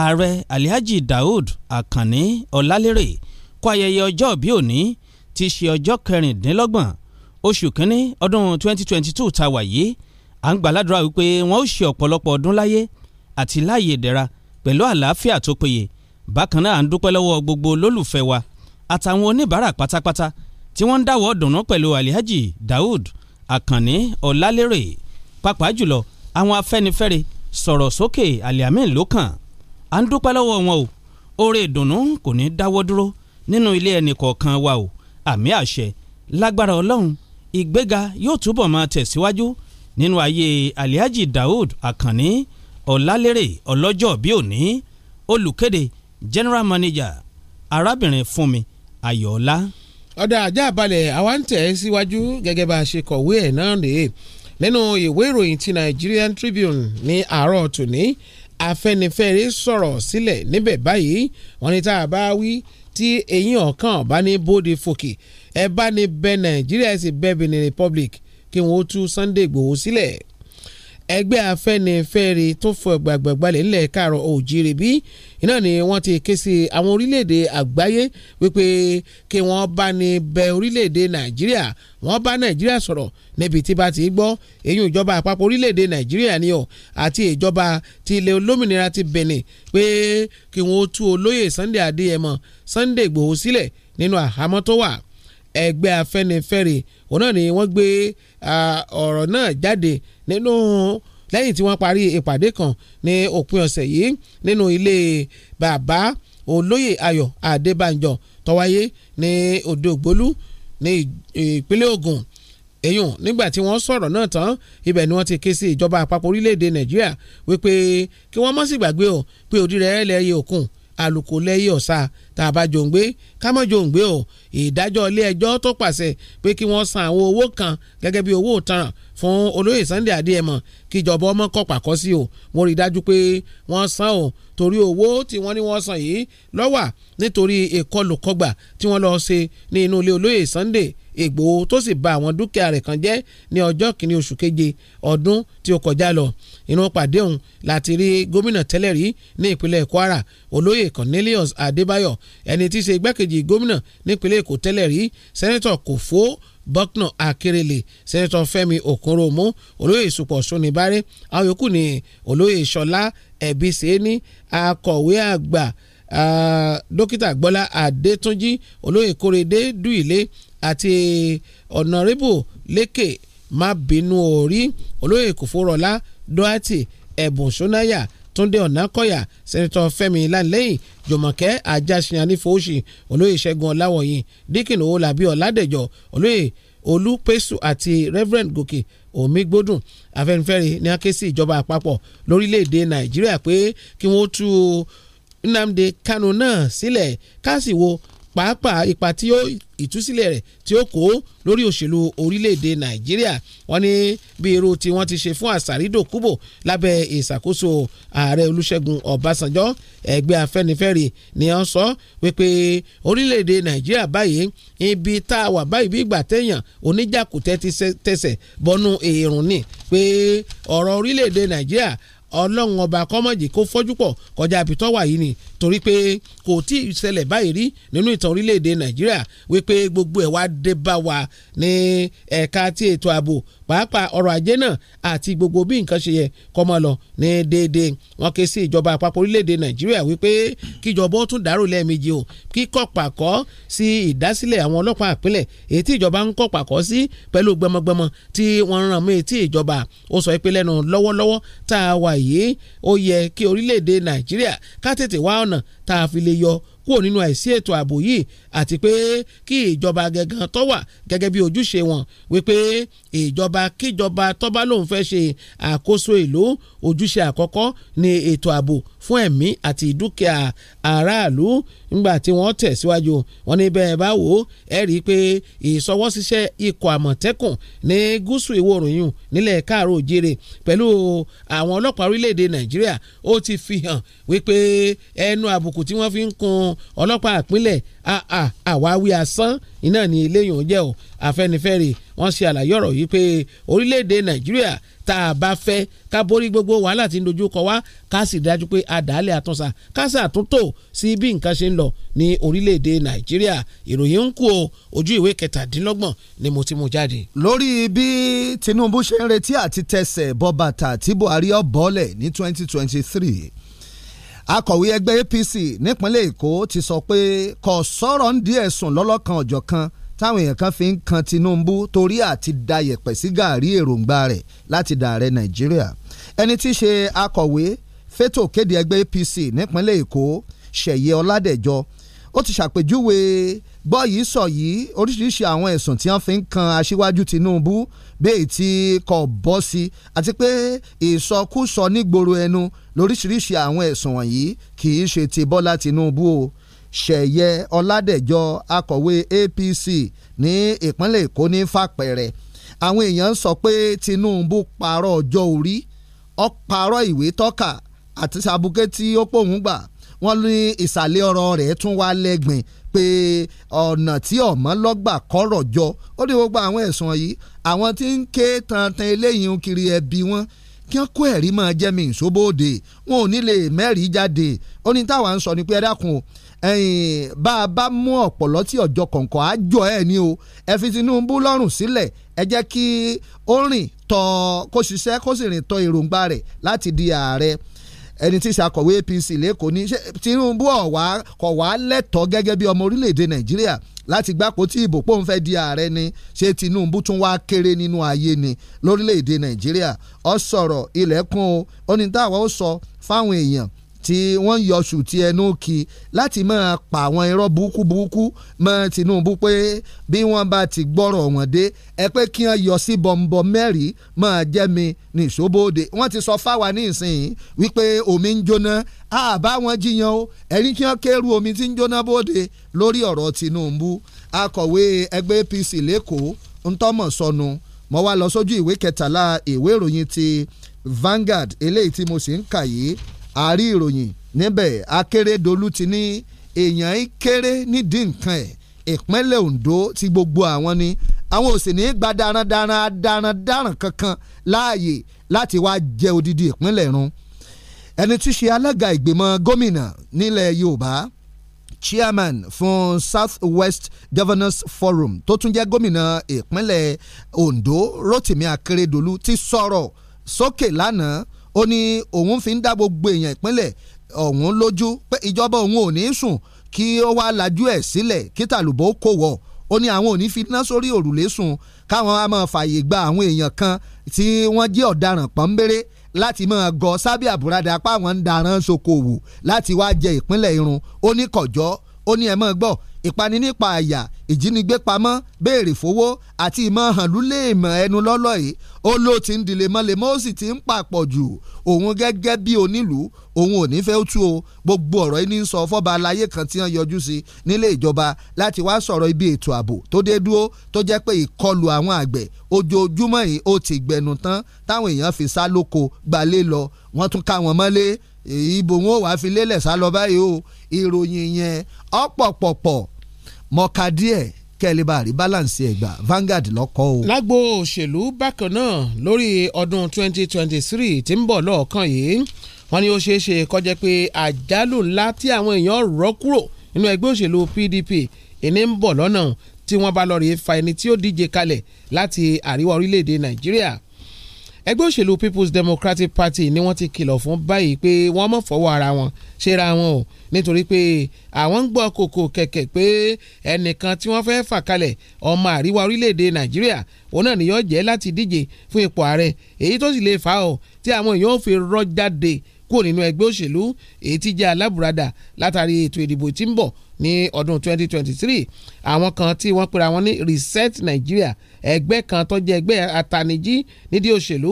ààrẹ Alhaji Daoud Akànní Ọ̀làlérè kó ayẹyẹ ọjọ́ bí òní ti ṣe ọjọ́ kẹrìndínlọ́gbọ̀n oṣù kínní ọdún 2022 ta wà yìí à ń gbàládùra wípé wọn ó ṣe ọ̀pọ̀lọpọ̀ ọdún láyé àti láàyè ìdẹ̀ra pẹ̀lú àlàáfíà tó péye bákan náà à ń dúpẹ́ lọ́wọ́ gbogbo olólùfẹ́ wa àtàwọn oníbàárà pátápátá tí wọ́n ń dáwọ́ dùnú pẹ̀lú Alhaji Daoud àkànní ọ̀làlérè pàápàá jùlọ àwọn afẹ́nifẹ́re sọ̀rọ̀ sókè aliamin ló kàn à ń dúpẹ́ lọ́wọ́ wọn o oore ìdùnnú kò ní dáwọ́ dúró nínú ilé ẹnì kọ̀ọ̀kan wa o àmì àṣẹ lágbára ọlọ́run ìgbéga yóò túbọ̀ máa tẹ̀síwájú nínú ayé aliaji daoud àkànní ọ̀làlérè ọlọ́jọ́ bí òní olùkéde general manager arábìnrin fúnmi ayọ̀ọ́lá ọ̀dà ajá balẹ̀ àwa ń tẹ̀ ẹ́ síwájú gẹ́gẹ́ bá a ṣe kọ̀wé ẹ̀ náà rèé nínú ìwé ìròyìn ti Nigerian Tribune ní àárọ̀ tòní Afẹ́nifẹ́re sọ̀rọ̀ sílẹ̀ níbẹ̀ báyìí wọ́n ní tá a bá wí tí eyín ọ̀kan bá ní bóde fòkè ẹ bá ní bẹ Nàìjíríà sì bẹ Benin Republic kí wọ́n tú Sunday Ìgbòho sílẹ̀. Si ẹgbẹ́ afẹ́nifẹ́re tó fọ gbàgbàgbalẹ̀ ńlẹ̀ káàrọ̀ òjìrì bí iná ni wọ́n ti ké sí àwọn orílẹ̀-èdè àgbáyé wípé kí wọ́n bá ní bẹ orílẹ̀-èdè nàìjíríà wọ́n bá nàìjíríà sọ̀rọ̀ níbi tí bá ti gbọ́ èyí ìjọba àpapọ̀ orílẹ̀-èdè nàìjíríà ni ọ̀ àti ìjọba ti ilẹ̀ olómìnira ti Benin pé kí wọ́n tú olóyè Sunday Adéyẹmọ Sunday Ìgbòho sílẹ̀ nínú àhámọ́ tó wà ẹgbẹ́ afẹ́nifẹ́re òun náà ni wọ́n gbé ọ̀rọ̀ náà jáde nínú lẹ́yìn tí wọ́n parí ìpàdé kan ní òpin ọ̀sẹ̀ yìí nínú ilé bàbá olóyè ayọ̀ adébánjọ tó wáyé ní òdògbólú ní ìpínlẹ̀ ogun. èyàn nígbà tí wọ́n sọ̀rọ̀ náà tán ibẹ̀ ni wọ́n ti ké sí ìjọba àpapọ̀ orílẹ̀-èdè nàìjíríà wípé kí wọ́n má sì gbàgbé o pé òdìrẹ́ ẹlẹ́yẹ òkun àlùkò lẹ́yìn ọ̀sà tá a bá jòǹgbé ká jòǹgbé o ìdájọ́ ilé ẹjọ́ tó pàṣẹ pé kí wọ́n san àwọn owó kan gẹ́gẹ́ bí owó ìtanràn fún olóyè Sunday Adéyẹmọ kíjọba ọmọ kọ sí o wọ́n rí i dájú pé wọ́n san o torí owó tí wọ́n ní wọ́n san yìí lọ́wà nítorí ìkọlùkọgbà tí wọ́n lọ́ọ́ ṣe ní inú ilé olóyè Sunday Ìgbòho tó sì ba àwọn dúkìá rẹ̀ kan jẹ́ ní ọjọ́ kìíní oṣù keje ọdún tí ó kọjá lọ inú pàdé ọ̀hún láti rí gómìnà tẹ́lẹ̀ rí ní ìpínlẹ̀ Kwara olóyè Cornelius Adébáyọ̀ ẹni tí í ṣe igbákejì gómìnà nípínlẹ̀ Èkó tẹ́lẹ̀ rí sẹ́nẹ́tọ̀ Kòfó bọ́knà akérèlè sẹ́nẹ́tọ̀ fẹ́mi òkúnròmù olóyè ìsùpọ̀ sónibárẹ́ àwọn yòókù ní olóyè ìṣọlá ẹ̀bísẹ́ni akọ̀wé àgbà ah, dókítà gbọ́lá adétúnjì olóyè kórèdé dùilé àti ọ̀nàrẹ́bù lékè má bínú orí olóyè kòfórọ́lá duarte ẹ̀bùn sọ́náyà túndé ọ̀nàkọ́yà sẹ́nitọ́ fẹ́mi lánlẹ́yìn jùmọ̀kẹ́ àjàṣìyàn nífọ̀ọ́sì olóyè ṣẹ́gun ọ̀làwọ̀yìn díkìn owólabí ọ̀làdẹ̀jọ olóyè olúpẹ̀sù àti reverend gòkè omigbódùn afẹ́nifẹ́re ní a ké sí ìjọba àpapọ̀ lórílẹ̀‐èdè nàìjíríà pé kí wọ́n tú nnamdi kanu náà sílẹ̀ káàsì wo pàápàá ipa tí ó ìtúsílẹ̀ rẹ̀ tí ó kó lórí òṣèlú orílẹ̀-èdè nàìjíríà wọ́n ní bí irú tí wọ́n ti ṣe fún àsàrídò kúbò lábẹ́ ìṣàkóso ààrẹ olúṣẹ́gun ọbásanjọ́ ẹgbẹ́ afẹ́nifẹ́re ni wọ́n sọ wípé orílẹ̀-èdè nàìjíríà báyìí ibi tá a wà báyìí bí ìgbà tẹ̀yàn oníjàkùtẹ́ ti tẹ̀sẹ̀ bọ́nú èèrùn ni pé ọ̀rọ̀ orílẹ̀-èdè nàìjíríà ọlọ́run ọba kọ́mọ̀jì kó fọ́jú pọ̀ kọjá àbítọ́ wà yìí ni torí pé kò tí ì ṣẹlẹ̀ báyìí rí nínú ìtàn orílẹ̀-èdè nàìjíríà wípé gbogbo ẹ̀ wá dé bá wa ní ẹ̀ka tí ètò ààbò pàápàá ọrọ̀ ajé náà àti gbogbo bí nǹkan ṣe yẹ kó máa lọ ní déédéé wọ́n ké sí ìjọba àpapọ̀ orílẹ̀-èdè nàìjíríà wípé kíjọba ó tún dárò lẹ́ẹ̀mejì o kíkọ́ pàkọ́ sí ìdásílẹ̀ àwọn ọlọ́pàá àpilẹ̀ èyí tí ìjọba ń kọ́ pàkọ́ sí pẹ̀lú gbọmọgbọmọ tí wọ́n ràn mí tí ìjọba ó sọ pé lẹ́nu lọ́wọ́lọ́wọ́ tá a wà yìí ó yẹ kí orílẹ̀-èdè nàìjíríà ká tètè wá ọ̀nà tá a fi lè yọ kúrò nínú àìsí ètò ààbò yìí àti pé kí ìjọba gẹ̀gàn tó wà gẹ́gẹ́ bí ojúṣe wọn wípé ìjọba kíjọba tó bá lóun fẹ́ ṣe àkóso ìlú ojúṣe àkọ́kọ́ ní ètò ààbò fún ẹ̀mí àti dúkìá aráàlú nígbà tí wọ́n tẹ̀síwájú wọn ní bẹ́ẹ̀ bá wò ó ẹ̀ rí i pé ìṣọwọ́ṣiṣẹ́ ikọ̀ àmọ̀tẹ́kùn ní gúúsù ìwọ̀ òòrùn nílẹ̀ káàró òjèrè pẹ̀lú àwọn ọlọ́pàá orílẹ̀-èdè nàìjíríà ó ti fi hàn wípé ẹnu àbùkù tí wọ́n fi ń kun ọlọ́pàá ìpínlẹ̀ àwáwí asán iná ní eléyìí ò jẹ́ ò Afẹ́nifẹ́re wọ́n ṣe àlàyé ọ̀rọ̀ yìí pé orílẹ̀-èdè nàìjíríà tá a bá fẹ́ ká borí gbogbo wàhálà tí ń dojú kọ wá ká sì dájú pé àdálẹ̀ àtúnṣà ká ṣàtúntò sí bí nǹkan ṣe ń lọ ní orílẹ̀-èdè nàìjíríà ìròyìn ń kú o ojú ìwé kẹtàdínlọ́gbọ̀n ni mo ti mú jáde. lórí bí tinubu ṣe ń retí àti tẹsẹ̀ bọ́ bàtà tí buhari ọ̀ bọ́lẹ̀ ní twenty twenty three akọ̀wé ẹgbẹ́ APC nípínlẹ̀ Èkó ti sọ pé kò sọ̀rọ̀ ń di ẹ̀sùn lọ́lọ́kan ọ̀jọ̀kan táwọn èèyàn kan fi ń kan Tinubu torí àti da yẹ̀pẹ̀ sí gàárì èròǹgbà rẹ̀ láti dààrẹ Nàìjíríà ẹni tí í ṣe akọ̀wé fétò kéde ẹgbẹ́ APC nípínlẹ̀ Èkó Ṣèyí Ọládẹ̀jọ ó ti ṣàpèjúwe gbọ́ yìí sọ yìí oríṣiríṣi àwọn ẹ̀sùn tí wọ́n fi ń kan aṣíwájú Tinubu bẹ́ẹ̀ tí kò bọ́ sí àti pé ìsọkúsọ nígboro ẹnu lóríṣiríṣi àwọn ẹ̀sùn wọ̀nyí kì í ṣe ti Bọ́lá Tinubu o ṣẹ̀yẹ ọládẹ̀jọ akọ̀wé APC ní ìpínlẹ̀ èkó ní fàpẹ̀rẹ̀ àwọn èèyàn sọ pé Tinubu parọ́ ọjọ́ orí ó parọ́ ìwé tọ́ka àti sàbùké tí ó pòun gbà wọ́n ní ìsàlẹ̀ ọ̀rọ̀ rẹ̀ tún wá lẹ́gbìn pé ọ̀nà tí ọ̀mọ́ lọ́gbà kọ́rọ̀ jọ ó ní gbogbo àwọn ẹ̀sùn yìí àwọn tí ń ké tantan eléyìí kiri ẹbí wọn kí wọ́n kó ẹ̀rí máa jẹ́ mi ìṣóbòde wọn ò ní lè mẹ́rìí jáde ó ní táwa ń sọ ni pé ẹ dákun o bá a bá mú ọ̀pọ̀lọ́ tí ọjọ́ kọ̀ọ̀kan á jọ ẹ̀ ní o ẹ fi Tinubu lọ́rùn sílẹ̀ ẹ jẹ́ kí ó rìn tọ́ kó ṣiṣẹ́ kó sì rìn tọ́ èròǹgbà rẹ̀ láti di ààrẹ ẹni tí ṣàkọ̀wé APC lẹ́kọ̀ọ́ ní Tinubu ọ̀wá kọ̀ wá lẹ́tọ̀ọ́ gẹ́gẹ́ bí ọmọ orílẹ̀-èdè Nàìjíríà láti gbapò tí ìbò pòun fẹ́ di ààrẹ ni ṣé Tinubu tún wá kéré nínú ayé ni lórílẹ̀-èdè Nàìjíríà ó sọ̀rọ̀ ilẹ̀kùn o ó ní táwa ó sọ fáwọn èèyàn tí wọ́n ń yọṣù ti ẹnu kí láti máa pa àwọn irọ́ burúkú burúkú mọ́ Tinubu pé bí wọ́n bá ti gbọ́rọ̀ wọn dé ẹ pé kí wọ́n yọ sí bọ̀m̀bọ̀ mẹ́rin máa jẹ́ mi ní ìṣòbòde wọ́n ti sọ fáwa ní ìsìn wípé omi ń jóná àbá wọn jiyàn o ẹ̀rí kí wọ́n kéru omi tí ń jóná bóde lórí ọ̀rọ̀ Tinubu akọ̀wé ẹgbẹ́ APC lẹ́kọ̀ọ́ ntọ́mọ̀ sọnù mo wá lọ sójú ìwé kẹtàlá ìwé ìròyìn ti Vanguard eléyìí tí mo sì ń kà yìí àárí ìròyìn níbẹ̀ akérèdọ́lù ti ní èèyàn ń kéré nídìí nǹkan ẹ̀ ìpínlẹ̀ Ondo ti gbogbo àwọn ni àwọn ò sì ní gba darandaran darandaran kankan láàyè láti wá jẹ odidi ìpínlẹ̀ run ẹni tí ṣe alága ìgbìmọ̀ gómìnà nílẹ̀ Yorùbá chairman fún South West Governors Forum tó tún jẹ́ gómìnà ìpínlẹ̀ Ondo Rotimi Akeredolu ti sọ̀rọ̀ sókè lánàá ó ní òun fi ń dá gbogbo èèyàn ìpínlẹ̀ ọ̀hún lójú pé ìjọba òun ò ní sùn kí ó wá lajú ẹ̀ sílẹ̀ kí tàlùbọ̀ kò wọ̀ ó ní àwọn ò ní fi iná sórí òrùlé sùn káwọn á máa fààyè gba àwọn èèyàn kan tí wọ́n jẹ́ ọ̀daràn pọ́nbéré láti máa gọ sábẹ́ àbúradà páwọn ń darán ṣòkòwò láti wá jẹ ìpínlẹ̀ irun ó ní kọ̀jọ́ ó ní ẹ máa gbọ́ ìpani nípa àyà ìjínigbé pamọ́ béèrè fowó àti ìmọ̀ hànlú lè mọ̀ ẹnu lọ́lọ́ yìí ó ló ti ń dilẹ̀ mọ́lẹ̀ mọ́ ó sì ti ń papọ̀ jù òun gẹ́gẹ́ bí onílùú òun ò ní fẹ́ tú o gbogbo ọ̀rọ̀ yìí ní sọ fọ́ba aláyé kan tí wọ́n yọjú sí nílé ìjọba láti wá sọ̀rọ̀ ibi ètò ààbò tó dé dúró tó jẹ́ pé ìkọlù àwọn àgbẹ̀ ojoojúmọ́ yìí ó ti gbẹnu tán táwọn èèyàn fi sá lóko gbalé lọ wọ́n tún ká wọn mọ́lé ìbò wọn ò wá fi lélẹ̀ sá lọ báyìí o ìròyìn yẹn ọ̀pọ̀pọ̀pọ̀ mọ̀ọ́ka díẹ̀ kẹ́lẹ́ rí balance ẹ̀ gbà Vanguard lọ́kọ́ o. lágbo òṣèlú bákan náà lórí ọdún 2023 tí ń bọ̀ lọ́ọ̀kan yìí wọ́n ní ó ṣeé ṣe kó pé àjálù ńlá tí àwọn èèyàn rọ́ kúrò nínú ẹgbẹ́ òṣèlú PDP ìní ń bọ̀ lọ́nà tí wọ́n bá lọ rèé fa ẹni tí ó díje kalẹ̀ láti àríwá orílẹ̀-èdè Nàìjíríà ẹgbẹ́ òṣèlú People's Democratic Party ni wọ́n ti kìlọ̀ fún báyìí pé wọ́n mọ̀ fọwọ́ ara wọn ṣera wọn o nítorí pé àwọn ń gbọ́ kòkò kẹ̀kẹ̀ pé ẹnìkan tí wọ́n fẹ́ẹ́ fà kalẹ̀ ọmọ àríwá orílẹ̀‐èdè Nàìjíríà òun náà nìyọ́ jẹ́ láti díje fún ipò ààrẹ èyí tó sì lè fà á o tí àwọn èèyàn ò fi rọ́ jáde kúrò nínú ẹgbẹ́ òṣèlú èyí tí jẹ́ alábùradà látàrí ètò ìdìbò tí ń bọ̀ ní ọdún 2023 àwọn kan tí wọ́n pera wọn ní Reset Nigeria ẹgbẹ́ kan tó jẹ́ ẹgbẹ́ atanijí nídìí òṣèlú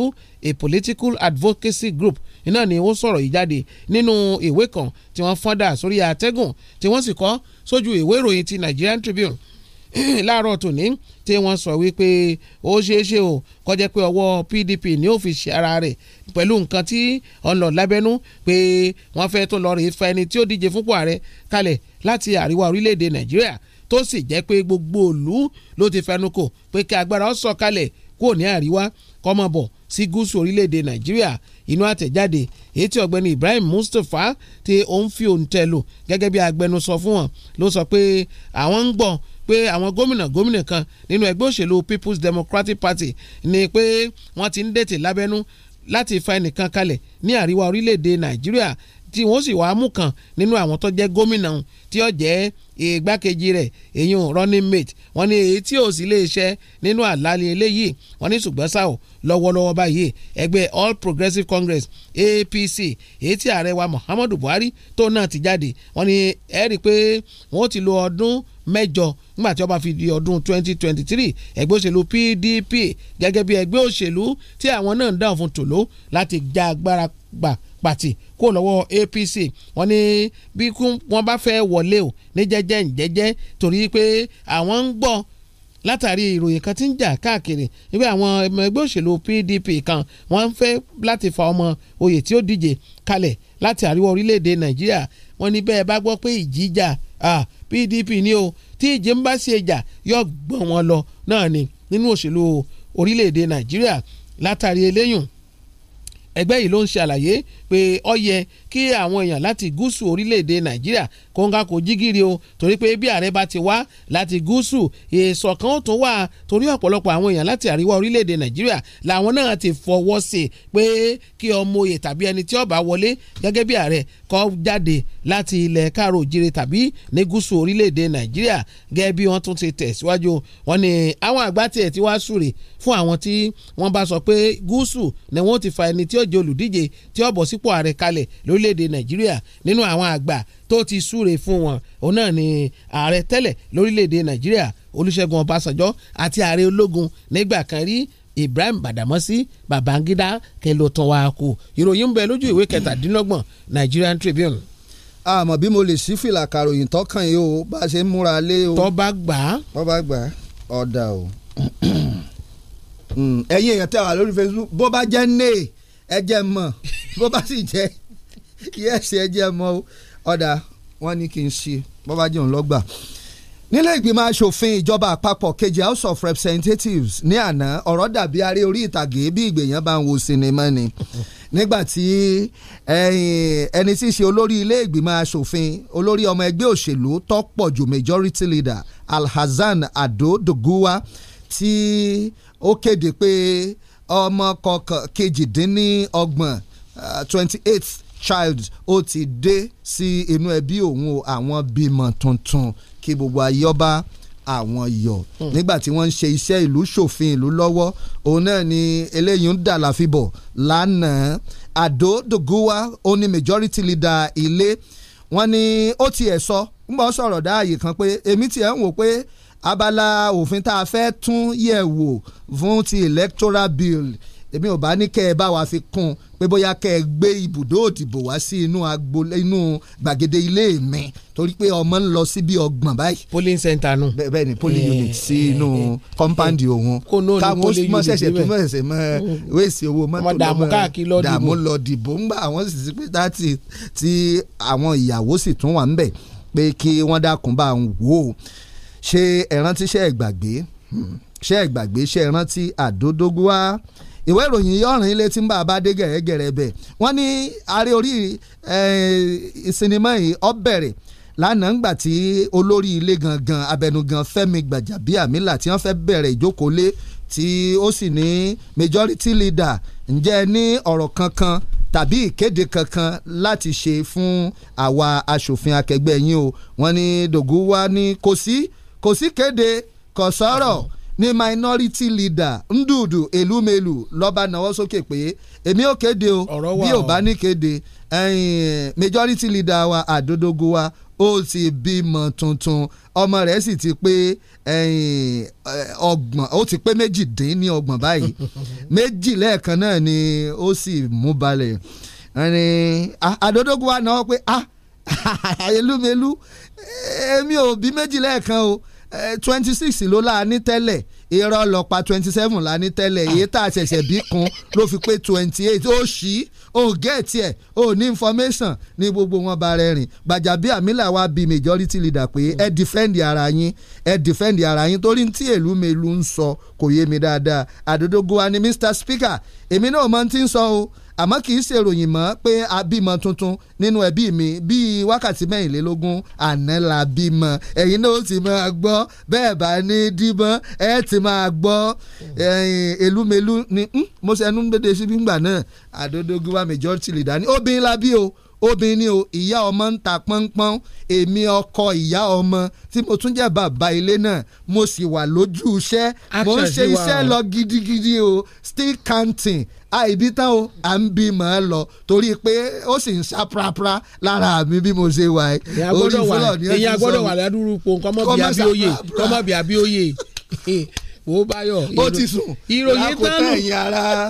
a political advocacy group iná ni ó sọ̀rọ̀ yìí jáde nínú ìwé kan tí wọ́n fọ́ndà sórí àtẹ́gùn tí wọ́n sì kọ sójú ìwé ìròyìn ti Nigerian Tribune láàárọ̀ tòní tí wọ́n sọ wípé ó ṣeé ṣe o kó jẹ́ pé ọwọ́ PDP ni ó fi ṣe ara rẹ̀ pẹ̀lú nǹkan tí ọ̀nà lábẹ́nú pé wọ́n fẹ́ tó lọ rèé fa ẹni tí ó díje fúnpò ààrẹ kalẹ̀ láti àríwá orílẹ̀-èdè Nàìjíríà tó sì jẹ́ pé gbogbo ìlú ló ti fẹnu kò pé kí agbára ó sọ̀kalẹ̀ kúrò ní àríwá kọ́mọ̀bọ̀ sí gúúsù orílẹ̀-èdè nàìjíríà inú àtẹ̀jáde èyí tí ọ̀gbẹ́ni ibrahim mustapha ti òun fi òun tẹ̀ lò gẹ́gẹ́ bí agbẹnusọ fún wọn ló sọ pé àwọn ń gbọ́ pé àwọn gómìnà gómìnà kan nínú ẹgbẹ́ òṣèlú people's democratic party ni pé wọ́n ti ń dètè lábẹ́nú láti fa ẹnìkan kalẹ̀ ní àríwá orílẹ̀-èdè nàìjíríà tí wọ́n sì wàá mú kan nínú àwọn tó jẹ́ gómìnà tí ó jẹ́ igbákejì rẹ̀ èyí running mate wọ́n ní èyí tí ò sí lè ṣẹ́ nínú àlàálẹ̀ eléyìí wọ́n ní ṣùgbọ́n ṣá o lọ́wọ́lọ́wọ́ báyìí ẹgbẹ́ All Progressives Congress APC èyí tí ààrẹ wa Muhammadu Buhari tó náà ti jáde wọ́n ní ẹ rí i pé wọ́n ti lo ọdún mẹ́jọ nígbà tí ó bá fi di ọdún 2023 ẹgbẹ́ òṣèlú PDP gẹ́gẹ́ bí ẹgbẹ́ òṣèlú tí àwọn náà ń dáhùn fún tòló láti já agbára gbà pàtì kó lọ́wọ́ APC wọ́n ní bí wọ́n bá fẹ́ wọlé o ní jẹ́jẹ́ ǹjẹ́jẹ́ torí pé àwọn ń gbọ́ látàrí ìròyìn kan tí ń jà káàkiri nígbà àwọn ọmọ ẹgbẹ́ òṣèlú PDP kan wọ́n ń fẹ́ láti fa ọmọ oyè tí ó díje kalẹ̀ láti àríwá orílẹ̀-èdè Nàìjíríà wọ́n ní bẹ́ẹ̀ bá gbọ́ pé ìjì PDP ni o tí ìjì ń bá sí ẹjà yọ gbọ́n wọn lọ náà ni nínú òṣèlú orílẹ̀-èdè Nàìjíríà látàrí eléyùn ẹgbẹ́ yìí ló ń ṣe pé ó yẹ kí àwọn èèyàn láti gúúsù orílẹ̀-èdè nàìjíríà kóńgá kò jígìrì o torí pé bí ààrẹ bá ti wá láti gúúsù ìṣọ̀kan ó tún wà torí ọ̀pọ̀lọpọ̀ àwọn èèyàn láti àríwá orílẹ̀-èdè nàìjíríà làwọn náà ti fọwọ́ sí i pé kí ọmọ òye tàbí ẹni tí ó bá wọlé gẹ́gẹ́ bí ààrẹ kó jáde láti ilẹ̀ káàró òjire tàbí ní gúúsù orílẹ̀-èdè nàìjíríà gẹ́gẹ́ bí wọ́n tún ti tẹ̀síwájú wọn ni àwọn àgbà tiẹ̀ ti wá súre fún àwọn tí wọ́n bá sọ pé gúúsù ni wọ́n ti fa ẹni tí ó jẹ́ olùdíje tí ó bọ̀ sípò ààrẹ kalẹ̀ lórí lórílẹ̀‐èdè nàìjíríà nínú àwọn àgbà tó ti súre fún wọn òun náà ni ààrẹ tẹ́lẹ̀ lórílẹ̀‐èdè nàìjíríà olúṣẹ́gun ọbásanjọ́ àti ààrẹ ológun nígbà kan rí ibrahim badamasi babangida kẹlòtàn wa kù ìròyìn ń bẹ lójú ìwé kẹtàdínlọ́gbọ̀n nigerian tribune. àmọ́ bí mo lè sí fìlà karòyìn tọkàn yìí o bá a ṣe ń múra lé o. tó bá gbà á. tó bá gbà á ọ̀dà o. ẹ̀yin èèyàn tẹ́ wà lórí facebook bó bá jẹ́ nee ẹ jẹ́ mọ̀ bó bá sì jẹ́ yẹ́sì ẹ jẹ́ mọ́ ọ̀dà wọn ní kí n ṣe bọ́ bá jẹun lọ́gbà nílé ìgbìmọ̀ asòfin ìjọba àpapọ̀ kejì house of representatives ní àná ọ̀rọ̀ dàbí aré orí ìtàgé bí ìgbèyàn bá ń wo sinimá ni nígbà tí ẹni tí í ṣe olórí ilé ìgbìmọ̀ asòfin olórí ọmọ ẹgbẹ́ òṣèlú tó pọ̀ jù majority leader alhassan ado doguwa tí ó kéde pé ọmọ kejìdínlọ́gbọ̀n ah, twenty eight Child, ó ti dé sí inú ẹbí òun o àwọn bímọ tuntun kí gbogbo ayé ọba àwọn yọ hmm. nígbà tí wọ́n ń ṣe iṣẹ́ ìlú ṣòfin ìlú lọ́wọ́ òun náà ni eléyìí ń dà láfibọ̀ lánàá Àdó Doguwa ó ní majority leader ilé wọ́n ní ó tiẹ̀ sọ ń bọ́ sọ̀rọ̀ dáàyè kan pé èmi tiẹ̀ ń wò pé abala òfin tá a fẹ́ tún yẹ̀ wò fún ti electoral bill èmi ò bá ní kẹ́ ẹ bá wa fi kún un pé bóyá kẹ́ ẹ gbé ibùdó òdìbò wá sí inú agbolé inú gbàgede ilé mi torí pé ọmọ ń lọ sí bí ọgbọ̀n báyìí. polling center nù. bẹ́ẹ̀ ni polling unit eh, sí inú eh, eh. compound òun káwọn mọ ṣẹ̀ṣẹ̀ tó mọ ṣẹ̀ṣẹ̀ mọ mm. wéèsì owó mọ́tò lọ́mọ dààmú káàkiri lọ dìbò dààmú lọ dìbò ńgbà àwọn sì sí pé dátì tí àwọn ìyàwó sì tún wà ńbẹ̀ pé kí wọ́n dákun bá ń wò ó ṣé ẹ rántí ṣé ẹ gbàgbé hmm. ṣé ẹ gbàgbé ìwé ìròyìn yọrin létí ń bá a bá dé gẹ̀rẹ́gẹ̀rẹ́ bẹ̀ wọ́n ní ààrẹ orí sinimá yìí ó bẹ̀rẹ̀ lánàá ńgbà tí olórí ilé gangan abẹnugan Fẹ́mi Gbàjàbíàmílà tí wọ́n fẹ́ bẹ̀rẹ̀ ìjókòólé tí ó sì ní majority leader ǹjẹ́ ní ọ̀rọ̀ kankan tàbí ìkéde kankan láti ṣe fún àwa aṣòfin akẹgbẹ́ yín o wọ́n ní dògúwá ní kò sí kò sí kéde kò sọ̀rọ̀. Mm -hmm Ni minority leader ndudu èlúmelu lọ́ba náwó sókè pé èmi ò kéde o bí ò bá ní kéde majority leader wa àdódógó wa ó ti bímọ tuntun ọmọ rẹ̀ sì ti pé ọgbọ̀n ó ti pé méjìdínlọ́gbọ̀n báyìí méjì lẹ́ẹ̀kan náà ni ó sì mú balẹ̀ àdódógó wa náwó pé ah èlúmelu èmi ò bí méjì lẹ́ẹ̀kan o. Ah, twenty six ló la ní tẹ́lẹ̀ irọ́ ọlọ́pàá twenty seven la ní tẹ́lẹ̀ èyí tá a ṣẹ̀ṣẹ̀ bí kun ló fi pé twenty eight ó ṣí ó gẹ̀ẹ́tì ẹ̀ ó ní information ní gbogbo wọn bá rẹ rìn Gbajabiamila wa bí majority leader pé ẹ defend ara yín ẹ defend ara yín torí tí èlú mélòó ń sọ kò yé mi dáadáa àdódógó wa Mr Speaker èmi náà mọ ti ń sọ o. So, àmọ́ kì í ṣe ròyìn mọ́ pé a bímọ tuntun nínú ẹbí mi bíi wákàtí mẹ́rìnlélógún àná la bímọ ẹ̀yin náà ó ti máa gbọ́ bẹ́ẹ̀ bá ní díbọ́n ẹ ti máa gbọ́ elúmelu ni hmm, mo ṣe ẹnu ń dédé síbí ńgbà náà àdódógúnwá majority leader ní obìnrin la bí o obìnrin o ìyá ọmọ ń ta pọ́npọ́n èmi ọkọ ìyá ọmọ tí mo tún jẹ́ bàbá ilé náà mo sì wà lójú iṣẹ́ mo ń ṣe iṣẹ́ lọ gidigidi o still counting àìbí tán o à ń bí mọ̀ ẹ́ lọ torí pé ó sì ń sá prapra lára mi bí mo ṣe wà orí fúlọ̀ ni ó ti sọ èyí wà ládùúrú po nǹkan mọ́ bí abíóye kọ́mọ́ wò ó báyọ̀ ó ti sùn ìròyìn tán